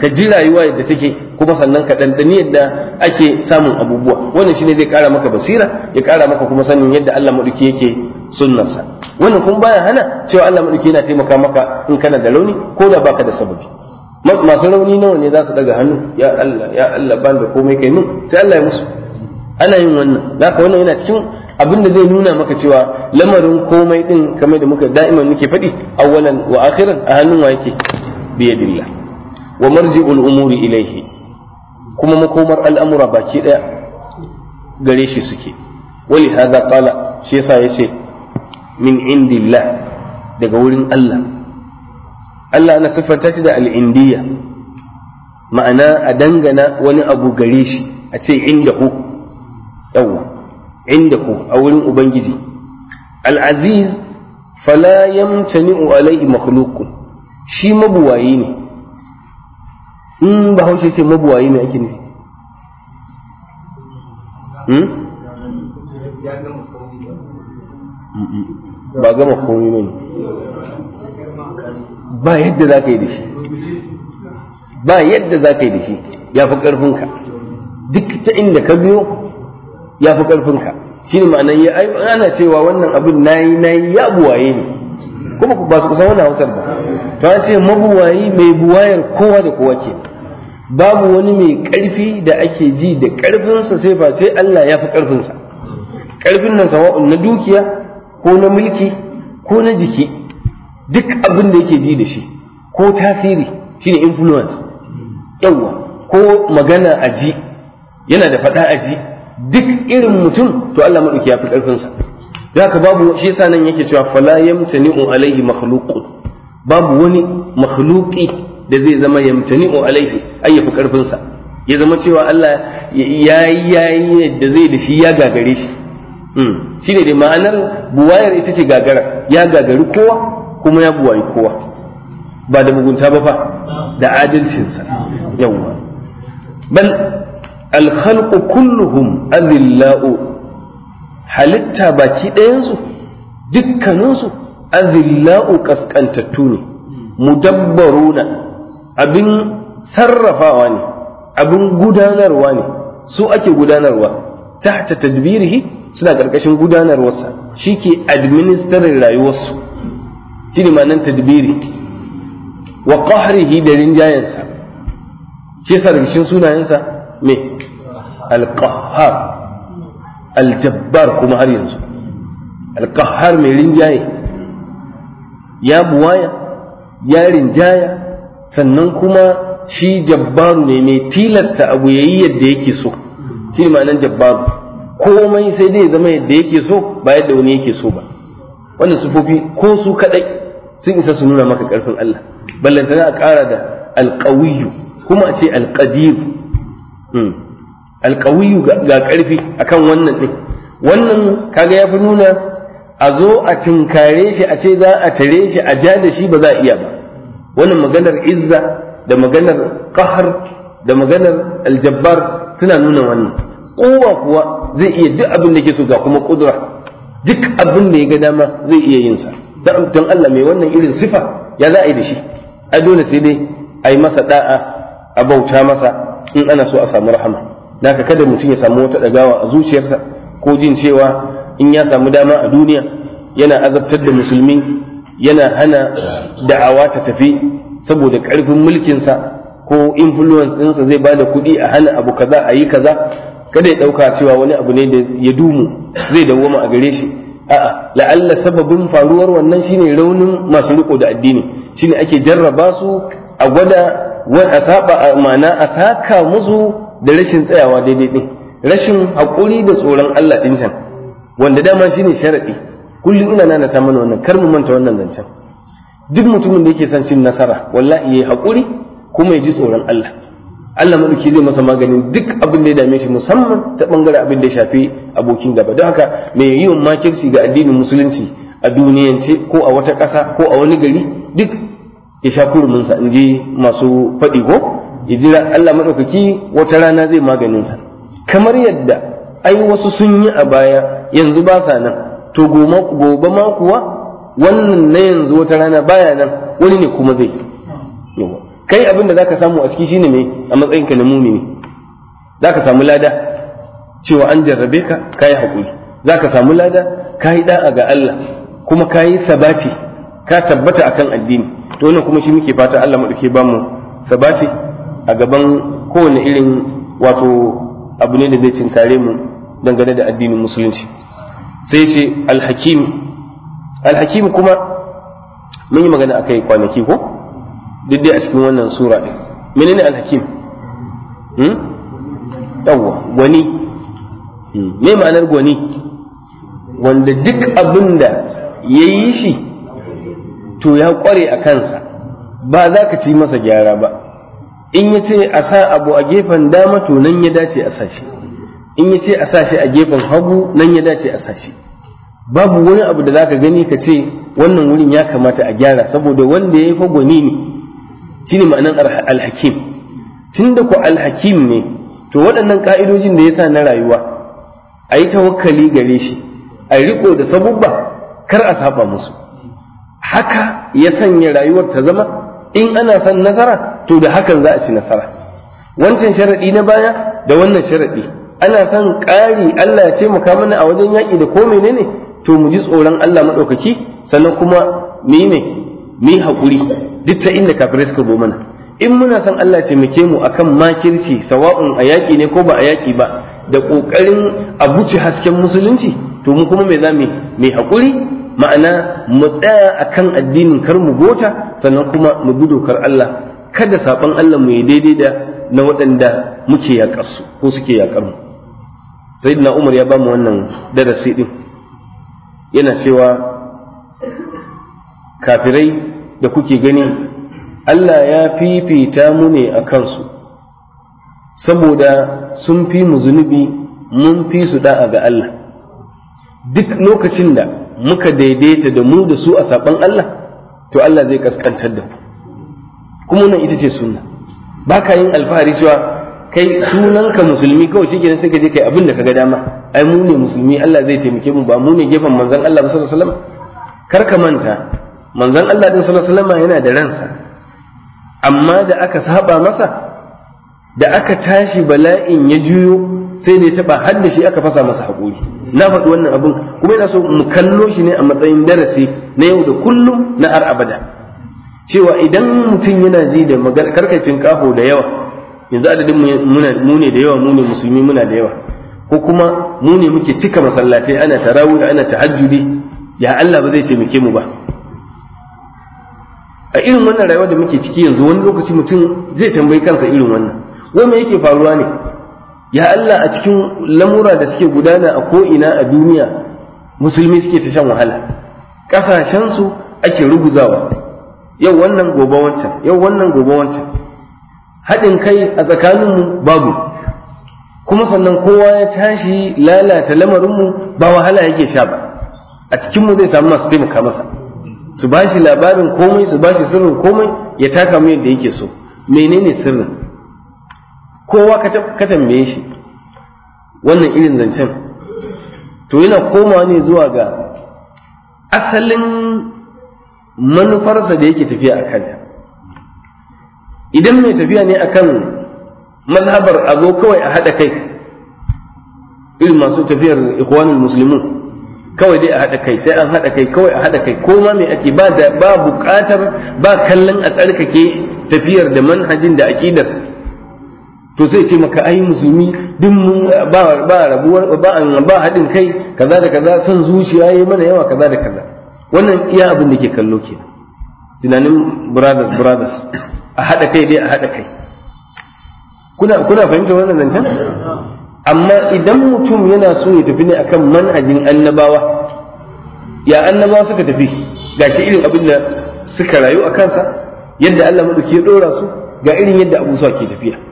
ka ji rayuwa yadda take kuma sannan ka ɗanɗani yadda ake samun abubuwa wannan shine zai ƙara maka basira ya ƙara maka kuma sanin yadda Allah maɗauki yake sunnarsa wannan kuma baya hana cewa Allah maɗauki yana taimaka maka in kana da rauni ko da baka da sababi masu rauni nawa ne za su daga hannu ya Allah ya Allah ban da komai kai min sai Allah ya musu ana yin wannan zaka wannan yana cikin abin da zai nuna maka cewa lamarin komai din kamar da muka da'iman muke faɗi awwalan wa akhiran a hannun wa yake biyadillah wa marji'ul umuri ilaihi kuma makomar al'amura baki daya gare shi suke wali hadha qala shi yasa yace min indillah daga wurin Allah Allah na siffanta shi da al'indiyya ma'ana a dangana wani abu gare shi a ce indahu yawwa Inda ku, a wurin ubangiji al-aziz fala u alaihi Makhluku. shi mabuwayi ne in ba haushe ce mabuwayi ne ake nufi hmm? ba gama komi ne ba yadda za ka yi da shi ba yadda za ka yi da shi ya fi ƙarfinka duk ta inda ka biyo ya fi ƙarfinka shi ne ma'anar ya ana cewa wannan abin na yi na yi ya buwaye ne kuma ba su kusa wannan hausar ba to an ce mabuwayi mai buwayar kowa da kowa ke babu wani mai ƙarfi da ake ji da ƙarfinsa sai ba sai Allah ya fi ƙarfinsa ƙarfin nan sawa'un na dukiya ko na mulki ko na jiki duk abin da yake ji da shi ko tasiri shine influence yawa ko magana a ji yana da faɗa a ji duk irin mutum to Allah maɗauki ya fi ƙarfinsa da haka babu shi yasa nan yake cewa fala yamtani'u alaihi makhluqun babu wani makhluqi da zai zama yamtani'u alaihi ai ya fi ƙarfinsa ya zama cewa Allah ya yi da zai da shi ya gagare shi hmm. shi ne da ma'anar buwayar ita ce gagara ya gagari kowa kuma ya buwayi kowa ba da mugunta ba fa da adalcinsa yawwa bal alkhalqu kulluhum azillau halitta baki ɗayansu dukkaninsu azillau kaskantattu ne mudabbaruna abin sarrafawa ne abin gudanarwa ne su ake gudanarwa tahta tadbirihi suna ƙarƙashin gudanarwarsa shi ke administarin rayuwarsu shi ne manan tadbiri wa ƙaharihi da rinjayensa shi yasa daga cikin sunayensa me alqahhar aljabbar kuma har yanzu alqahhar mai rinjaye ya buwaya ya rinjaya sannan kuma shi jabbaru ne mai tilasta abu yayi yadda yake so shi ma'anar jabbaru komai sai dai zama yadda yake so ba yadda wani yake so ba wannan sufofi ko su kadai sun isa su nuna maka karfin Allah ballantana a ƙara da alƙawiyu kuma a ce alƙadiru Hmm. Alƙawuyu ga ƙarfi akan wannan ɗin wannan kaga ya fi nuna a zo a tinkare shi a ce za a tare shi a ja da shi ba za a iya ba wannan maganar izza da maganar ƙahar da maganar aljabbar suna nuna wannan kowa kuwa zai iya duk abin da ke so ga kuma kudura duk abin da ya ga dama zai iya yin sa don Allah mai wannan irin sifa ya za a yi da shi a dole sai dai a yi masa ɗa'a, a bauta masa in ana so a samu rahama da naka kada mutum ya samu wata dagawa a zuciyarsa ko jin cewa in ya samu dama a duniya yana azabtar da musulmi yana hana da'awa ta tafi saboda karfin mulkinsa ko influence ɗinsa zai ba da kuɗi a hana abu kaza a yi kaza kada ya ɗauka cewa wani abu ne da ya dumu zai dawoma a gare shi a'a la'alla sababin faruwar wannan shine raunin masu riko da addini shine ake jarraba su a gwada wa asaba ma'ana a saka musu da rashin tsayawa daidai din rashin hakuri da tsoron Allah din can wanda dama shine sharadi kullum ina nana ta mana wannan kar mu manta wannan zancen duk mutumin da yake son cin nasara wallahi yayi haƙuri kuma ya ji tsoron Allah Allah madauki zai masa maganin duk abin da ya dame shi musamman ta ɓangare abin da ya shafi abokin gaba don haka mai yiwuwan makirci ga addinin musulunci a duniyance ko a wata ƙasa ko a wani gari duk ya sha kuruminsa in ji masu faɗi ko ya jira Allah maɗaukaki wata rana zai maganinsa kamar yadda ai wasu sun yi a baya yanzu ba sa nan to gobe ma kuwa wannan na yanzu wata rana baya nan wani ne kuma zai kai abin da zaka samu a ciki shine mai a matsayinka na Za zaka samu lada cewa an jarrabe ka kayi hakuri zaka samu lada kayi da'a ga Allah kuma kayi sabati ka tabbata akan addini to wannan kuma shi muke fata Allah madauke ba mu sabati a gaban kowane irin wato abu ne da zai cinkare mu dangane da addinin musulunci sai ce alhakim alhakim kuma mun yi magana akai kwanaki ko duk dai a cikin wannan sura din menene alhakim hmm? yawwa gwani hmm, me ma'anar gwani wanda duk abin da ya yi shi to ya kware a kansa ba za ka ci masa gyara ba in ya ce a sa abu a gefen dama to nan ya dace a sa shi in ya ce a sa shi a gefen hagu nan ya dace a sa shi babu wani abu da za ka gani ka ce wannan wurin ya kamata a gyara saboda wanda ya yi gwani ne shi ne ma'anan alhakim tun da ku alhakim ne to waɗannan ƙa'idojin da ya sa na rayuwa a yi tawakkali gare shi a riƙo da sabubba kar a saba musu haka ya sanya rayuwar ta zama in ana son nasara to da hakan za a ci nasara wancan sharaɗi na baya da wannan sharaɗi ana son ƙari Allah ya ce muka mana a wajen yaƙi da ko menene to mu ji tsoron Allah maɗaukaki sannan kuma mu yi ne mu yi haƙuri duk ta inda kafirai suka zo mana in muna son Allah taimake mu akan makirci sawa'un a yaƙi ne ko ba a yaƙi ba da ƙoƙarin a buce hasken musulunci to mu kuma me za mu mai haƙuri ma'ana mu tsaya akan addinin kar mu gota sannan kuma mu bi dokar Allah kada sabon Allah mu yi daidai da na waɗanda muke yaƙar su ko suke yaƙar mu sayyidina Umar ya ba mu wannan darasi din yana cewa kafirai da kuke gani Allah ya fifita mu ne a kansu saboda sun fi mu zunubi mun fi su da'a ga Allah duk lokacin da muka daidaita da mu da su a saban Allah to Allah zai kaskantar da mu kuma nan ita ce sunna ba ka yin alfahari cewa kai sunanka musulmi kawai shi kenan sai ka je kai abin da ka ga dama ai mu ne musulmi Allah zai taimake mu ba mu ne gefen manzon Allah sallallahu alaihi wasallam kar ka manta manzon Allah din sallallahu alaihi wasallam yana da ransa amma da aka saba masa da aka tashi bala'in ya juyo sai da ya taba haddashi aka fasa masa haƙuri na faɗi wannan abin kuma yana so mu kallo shi ne a matsayin darasi na yau da kullum na har abada cewa idan mutum yana ji da karkacin kafo da yawa yanzu adadin muna mune da yawa mu musulmi muna da yawa ko kuma mu muke cika masallatai ana tarawih ana tahajjudi ya Allah ba zai taimake mu ba a irin wannan rayuwa da muke ciki yanzu wani lokaci mutum zai tambayi kansa irin wannan wai me yake faruwa ne ya Allah a cikin lamura da suke gudana a ko'ina a duniya musulmi suke ta shan wahala ƙasashensu ake ruguzawa yau wannan gobe wancan yau wannan gobe wancan haɗin kai a tsakaninmu babu kuma sannan kowa ya tashi lalata lamarinmu ba wahala yake sha ba a cikinmu zai samu masu taimaka masa su ba shi labarin komai su ba shi sirrin komai ya taka mu yadda yake so menene sirrin kowa ka tambaye shi wannan irin zancen to yana koma ne zuwa ga asalin manufarsa da yake tafiya a kanta idan mai tafiya ne akan mazhabar a zo kawai a haɗa kai irin masu tafiyar ikwanin musulmin kawai dai a haɗa kai sai an haɗa kai kawai a haɗa kai ko ma mai ake ba ba buƙatar ba kallon a tsarkake tafiyar da manhajin da aƙidar to zai ce maka ai musulmi din mun ba ba rabuwar ba ba haɗin kai kaza da kaza son zuciya yayi mana yawa kaza da kaza wannan iya abin da ke kallo ke tunanin brothers brothers a haɗa kai dai a haɗa kai kuna kuna fahimta wannan zancen amma idan mutum yana so ya tafi ne akan manhajin annabawa ya annabawa suka tafi gashi irin abin da suka rayu a kansa yadda Allah madauki ya dora su ga irin yadda abubuwa ke tafiya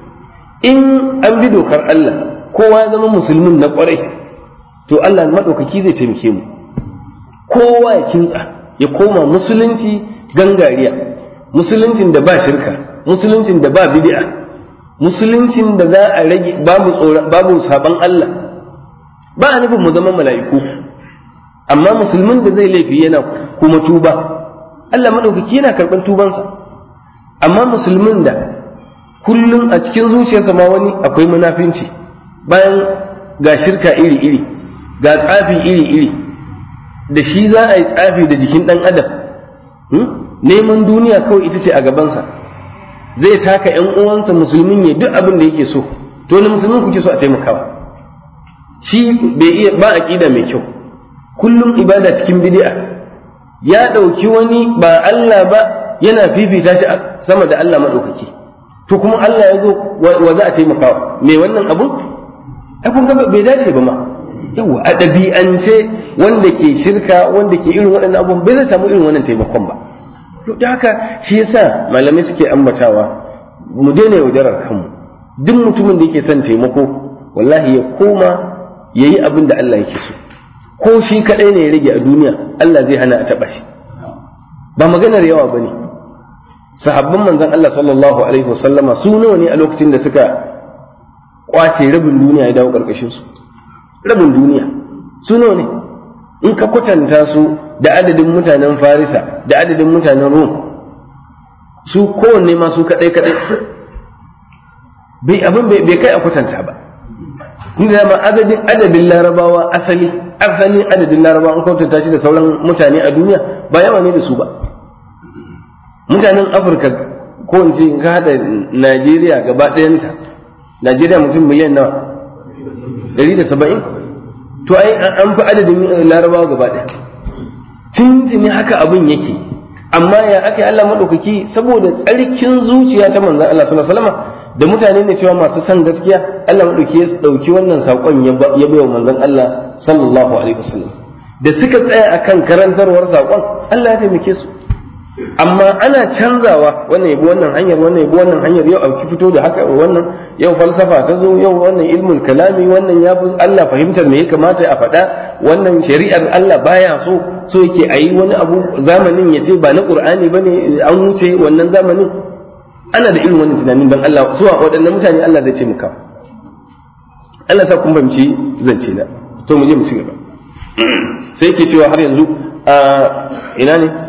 in an bi dokar Allah kowa ya zama musulmin na kwarai to Allah maɗaukaki zai taimake mu kowa ya kintsa ya koma musulunci gangariya musuluncin da ba shirka musuluncin da ba bid'a musuluncin da za a rage babu babu saban Allah ba a nufin mu zama mala'iku amma musulmin da zai laifi yana kuma tuba Allah maɗaukaki yana karɓar tubansa amma musulmin da kullum a cikin zuciyarsa ma wani akwai munafinci bayan ga shirka iri-iri ga tsafi iri-iri da shi za a yi tsafi da jikin ɗan adam hmm? neman duniya kawai ita ce a gabansa zai taka ‘yan uwansa musulmin ya duk abin da yake so to na musulmin kuke so a taimakawa shi bai iya ba a ƙida mai kyau kullum ibada cikin bidi'a. ya ɗauki wani ba Allah ba yana fifita shi sama da Allah maɗaukaki to kuma Allah ya zo wa za a taimakawa me wannan abun ai kun bai dace ba ma yawa a ɗabi'ance wanda ke shirka wanda ke irin waɗannan abun bai zai samu irin wannan taimakon ba to da haka shi yasa malamai suke ambatawa mu daina yaudarar kanmu duk mutumin da yake son taimako wallahi ya koma ya yi abin da Allah yake so ko shi kaɗai ne ya rage a duniya Allah zai hana a taɓa shi ba maganar yawa ba ne sahabban manzon Allah sallallahu alaihi wasallama su nawa ne a lokacin da suka kwace rabin duniya ya dawo karkashin su rabin duniya su nawa ne in ka kwatanta su da adadin mutanen Farisa da adadin mutanen Rum su kowanne ma su kadai kadai bai abin bai kai a kwatanta ba ni da ma adadin adadin larabawa asali asalin adadin larabawa an kwatanta shi da sauran mutane a duniya ba yawa ne da su ba mutanen afirka ko in ce in ka haɗa najeriya gaba ɗayanta najeriya mutum miliyan nawa 170 da saba'in to ai an fi adadin eh, larabawa gaba ɗaya tuntuni haka abin yake amma ya aka Allah maɗaukaki saboda tsarkin zuciya ta manzan Allah sallallahu alaihi wasallam da mutane ne cewa masu san gaskiya Allah maɗauki ya ɗauki wannan saƙon ya bai wa manzan Allah sallallahu alaihi wasallam da suka tsaya akan karantarwar saƙon Allah ya taimake su amma ana canzawa wannan yabi wannan hanyar wannan yabi wannan hanyar yau auki fito da haka wannan yau falsafa ta zo yau wannan ilmin kalami wannan ya fi Allah fahimtar me ya kamata a faɗa wannan shari'ar Allah baya so so yake ayi wani abu zamanin ya ce ba na Qur'ani bane an wuce wannan zamanin ana da irin wannan tunanin dan Allah zuwa waɗannan mutane Allah zai ce muka Allah sa kun fahimci zance na to mu je mu ci gaba sai yake cewa har yanzu a ina ne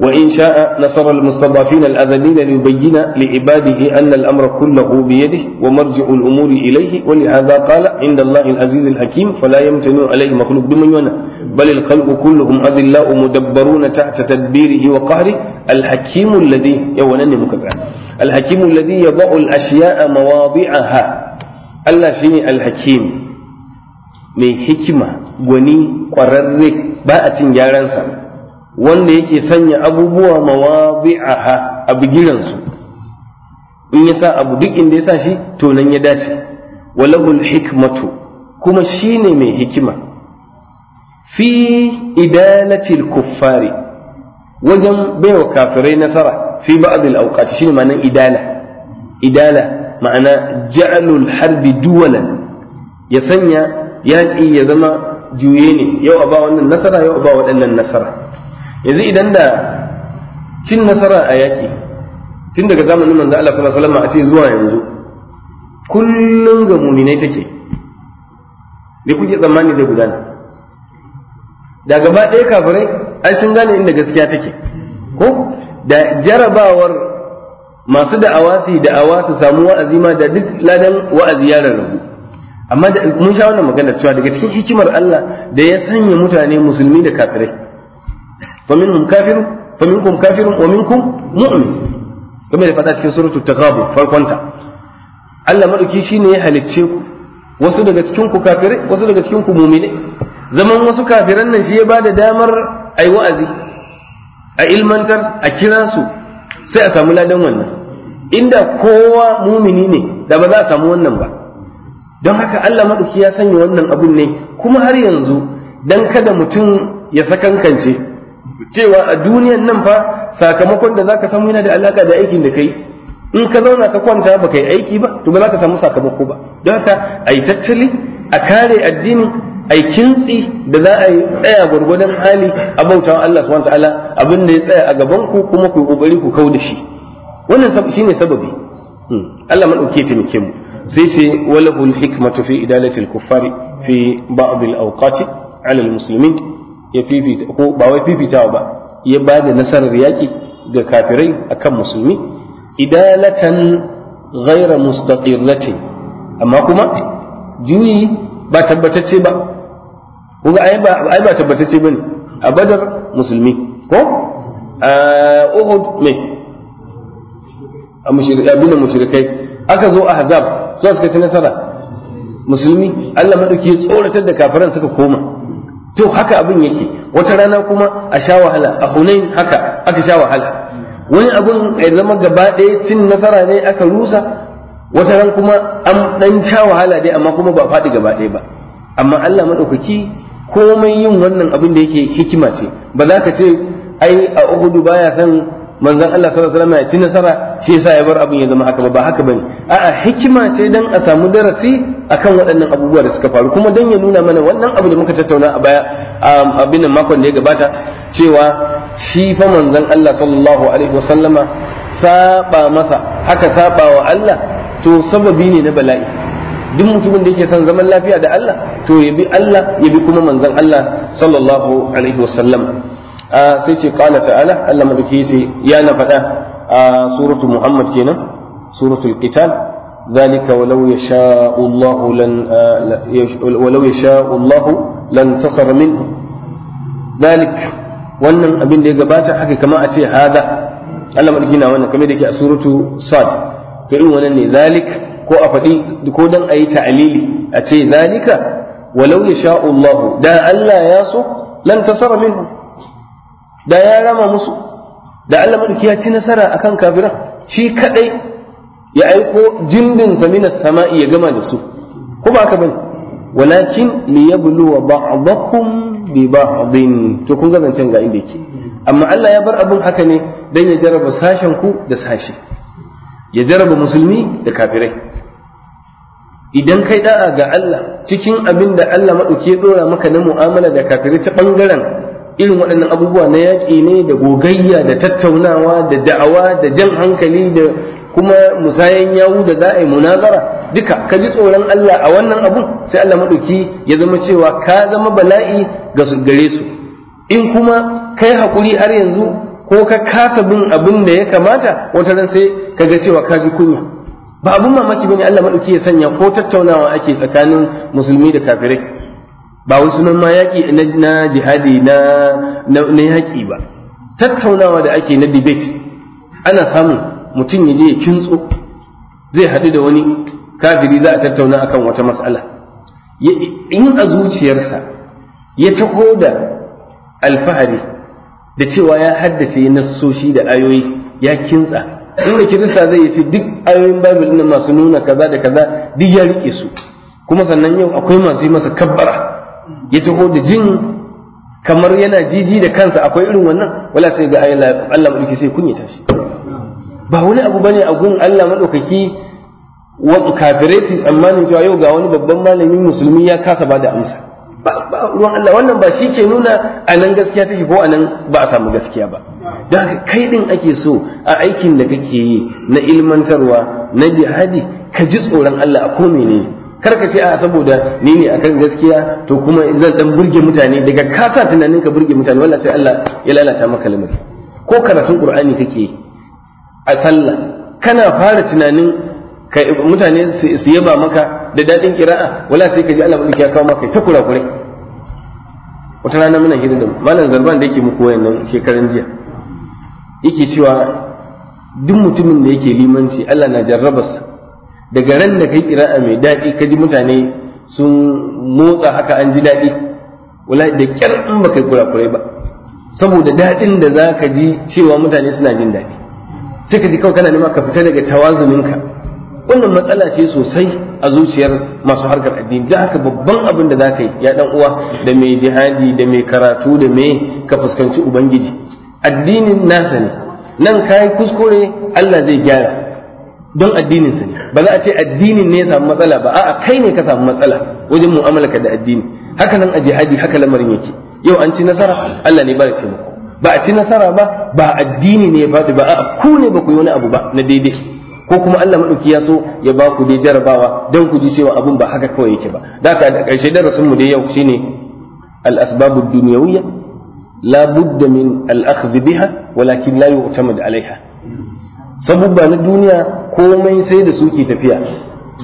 وإن شاء نصر المستضعفين الأذلين ليبين لعباده أن الأمر كله بيده ومرجع الأمور إليه ولهذا قال عند الله العزيز الحكيم فلا يمتنع عليه مخلوق بمن بل الخلق كلهم أذلاء مدبرون تحت تدبيره وقهره الحكيم الذي يونني الحكيم الذي يضع الأشياء مواضعها ألا شيء الحكيم من حكمة وني قرر باءة جارنسا wanda yake sanya abubuwa mawabi'aha a in ya sa abu duk inda ya sa shi to nan ya dace walahul hikmatu kuma shine mai hikima fi idalatil kuffari wajen baiwa kafirai nasara fi ba'dil awqat shine ma'anar idala idala ma'ana ja'alul harbi duwalan ya sanya yaƙi ya zama juye ne yau a ba wannan nasara yau a ba waɗannan nasara yanzu idan da cin nasara a yaƙi tun daga zamanin manzo Allah sallallahu alaihi wasallam a ce zuwa yanzu kullun ga muminai take da kuke tsammani zai gudana da gaba ɗaya kafirai ai sun gane inda gaskiya take ko da jarabawar masu da'awa su da'awa su samu wa'azi ma da duk ladan wa'azi ya rarrabu amma mun sha wannan magana cewa daga cikin hikimar Allah da ya sanya mutane musulmi da kafirai فمنهم كافر faminkum كافر ومنكم مؤمن كما da fada cikin suratul taghabun farkonta Allah madauki shine ya halicce ku wasu daga cikin ku wasu daga cikin ku zaman wasu kafiran nan shi ya da damar ai wa'azi a ilmantar a kiransu, sai a samu ladan wannan inda kowa mumini ne da ba za a samu wannan ba don haka Allah madauki ya sanya wannan abun ne kuma har yanzu dan kada mutum ya sakankance cewa a duniyan nan fa sakamakon da zaka samu yana da alaka da aikin da kai in ka zauna ka kwanta ba kai aiki ba to ba zaka samu sakamako ba don haka a tattali a kare addini a yi kintsi da za a yi tsaya gwargwadon hali a bautawa Allah subhanahu ta'ala abin da ya tsaya a gaban ku kuma ku kokari ku kau da shi wannan shine sababi hmm. Allah madauke ya taimake mu sai sai walahul hikmatu fi idalatil kuffari fi ba'd al-awqati ala al-muslimin ya fifita ko ba wai fifitawa ba ya ba da nasarar yaƙi ga kafirai akan musulmi idalatan ghaira mustaqillati amma kuma juyi ba tabbatacce ba ko ai ba ai ba tabbatacce bane a badar musulmi ko a uhud me a mushrikai abin mushrikai aka zo ahzab su suka ci nasara musulmi Allah madauki ya tsoratar da kafiran suka koma to haka abin yake wata rana kuma a sha wahala a hunain haka aka sha wahala wani abin ya zama gaba ɗaya cin nasara ne aka rusa wata rana kuma an ɗan sha wahala dai amma kuma ba faɗi gaba ɗaya ba amma Allah maɗaukaki komai yin wannan abin da yake hikima ce ba za ka ce ai a uhudu baya san manzon Allah sallallahu alaihi wasallam ya ci nasara shi yasa ya bar abin ya zama haka ba ba haka bane a'a hikima ce dan a samu darasi akan waɗannan abubuwa da suka faru kuma dan ya nuna mana wannan abu da muka tattauna a baya abin nan makon da ya gabata cewa shi fa manzon Allah sallallahu alaihi wasallama saba masa haka saba wa Allah to sababi ne na bala'i duk mutumin da yake son zaman lafiya da Allah to ya bi Allah ya bi kuma manzon Allah sallallahu alaihi wasallama sai ce qala ta'ala Allah madauki sai ya na faɗa a suratu Muhammad kenan suratul qital ذلك ولو يشاء الله لن ولو يشاء الله لن تصر منه ذلك wannan abin ya gabata haka kama a ce hada Allah madauki na wannan kamar da yake a suratu sad to irin wannan ne zalik ko a faɗi ko dan ayi ta'lili a ce zalika walau yasha'u Allah da ya so da ya rama musu da Allah madaki ya ci nasara akan kafiran shi kadai ya aiko jindin samina sama'i ya gama da su ko ba ka bane walakin liyabluwa ba'dakum bi ba'din to kun ga zancen ga inda yake amma Allah ya bar abun haka ne dan ya jarraba sashen ku da sashi ya jarraba musulmi da kafirai idan kai da'a ga Allah cikin abin da Allah maɗauki ya ɗora maka na mu'amala da kafirai ta bangaren irin waɗannan abubuwa na yaƙi ne da gogayya da tattaunawa da da'awa da jan hankali da kuma musayan yawu da za a yi munazara duka ka ji tsoron Allah a wannan abun sai Allah maɗauki ya zama cewa ka zama bala'i ga su gare su in kuma kai haƙuri har yanzu ko ka kasa bin abin da ya kamata wata ran sai ka ga cewa ka ji kunya ba abun mamaki bane Allah maɗauki ya sanya ko tattaunawa ake tsakanin musulmi da kafirai ba wasu nan ma yaƙi na jihadi na na yaƙi ba tattaunawa da ake na debate ana samun mutum ya je ya kintso zai haɗu da wani kafiri za a tattauna akan wata matsala. in a zuciyarsa ya taho da alfahari da cewa ya haddace nassoshi da ayoyi ya kintsa da kirista zai yi duk ayoyin bible masu nuna kaza da kaza duk ya rike su kuma sannan yau akwai masu yi masa kabbara ya taho da jin kamar yana jiji da kansa akwai irin wannan wala sai ga Allah madaukaki sai kunyata tashi. ba wani abu bane a gun Allah madaukaki wa kafirai su tsammanin cewa yau ga wani babban malamin musulmi ya kasa ba da amsa ba ruwan Allah wannan ba shi ke nuna a nan gaskiya take ko a nan ba a samu gaskiya ba don haka kai din ake so a aikin da kake yi na ilmantarwa na jihadi ka ji tsoron Allah a ko menene karka ce a saboda ni ne akan gaskiya to kuma zan dan burge mutane daga kasa tunanin ka burge mutane wallahi sai Allah ya lalata maka lamari ko karatun qur'ani kake a sallah kana fara tunanin mutane su yaba maka da dadin kira'a wallahi sai ka ji Allah ya kawo maka ta kurakure wata rana muna hira da malam zarban da yake muku wayannan shekaran jiya yake cewa duk mutumin da yake limanci Allah na jarrabarsa daga ran da kai kira'a mai daɗi ka ji mutane sun motsa haka an ji daɗi wala da kyar in baka kurakurai ba saboda daɗin da za ka ji cewa mutane suna jin daɗi sai ka ji kawai kana nema ka fita daga tawazuninka wannan matsala ce sosai a zuciyar masu harkar addini da haka babban abin da za ka yi ya ɗan uwa da mai jihadi da mai karatu da mai ka fuskanci ubangiji addinin nasa ne nan kayi kuskure Allah zai gyara don addinin su ne ba za a ce addinin ne ya samu matsala ba a'a kai ne ka samu matsala wajen mu'amalarka da addini haka nan a jihadi haka lamarin yake yau an ci nasara Allah ne ba da ce muku ba a ci nasara ba ba addini ne ya faɗi ba a'a ku ne ba ku yi wani abu ba na daidai ko kuma Allah madauki ya so ya ba ku dai jarabawa don ku ji cewa abun ba haka kawai yake ba da haka da ƙarshe darasin mu dai yau shine al asbabu dunyawiyya la budda min al akhdh biha walakin la yu'tamad alaiha saboda na duniya komai sai da suke tafiya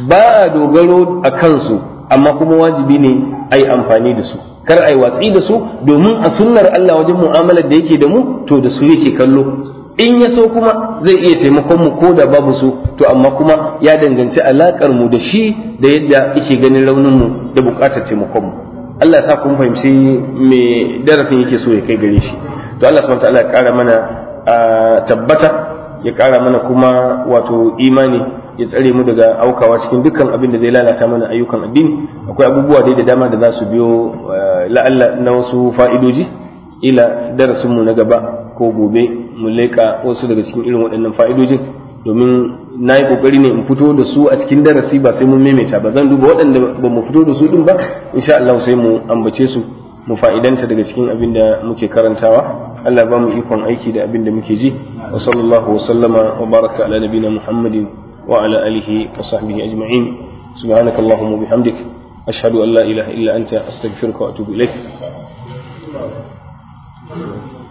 ba a dogaro a kansu amma kuma wajibi ne a yi amfani da su kar a yi watsi da su domin a sunnar Allah wajen mu'amalar da yake da mu to da su yake kallo in ya so kuma zai iya taimakon mu ko da babu su to amma kuma ya danganci alakar mu da shi da yadda yake ganin raunin mu da buƙatar taimakon mu Allah ya sa kun fahimci me darasin yake so ya kai gare shi to Allah subhanahu wa ta'ala ya kara mana ah, tabbata ya ƙara mana kuma wato imani ya tsare mu daga aukawa cikin dukkan abin da zai lalata mana ayyukan addini akwai abubuwa dai da dama da za su biyo eh, la'alla na wasu fa'idoji ila darasinmu na gaba ko gobe mu leƙa wasu daga cikin irin waɗannan fa'idojin domin na yi ƙoƙari ne in fito da su a cikin darasi ba sai mun maimaita ba zan duba waɗanda ba mu fito da su ɗin ba insha Allah sai mu ambace su mu fa'idanta daga cikin abin da muke karantawa Allah ba mu ikon aiki da abin da muke ji wa sallallahu wa sallama wa baraka ala nabina muhammadin wa ala alihi wa sahbihi ajma'in subhanaka allahumma bihamdik ashhadu an la ilaha illa anta astaghfiruka wa atubu ilaik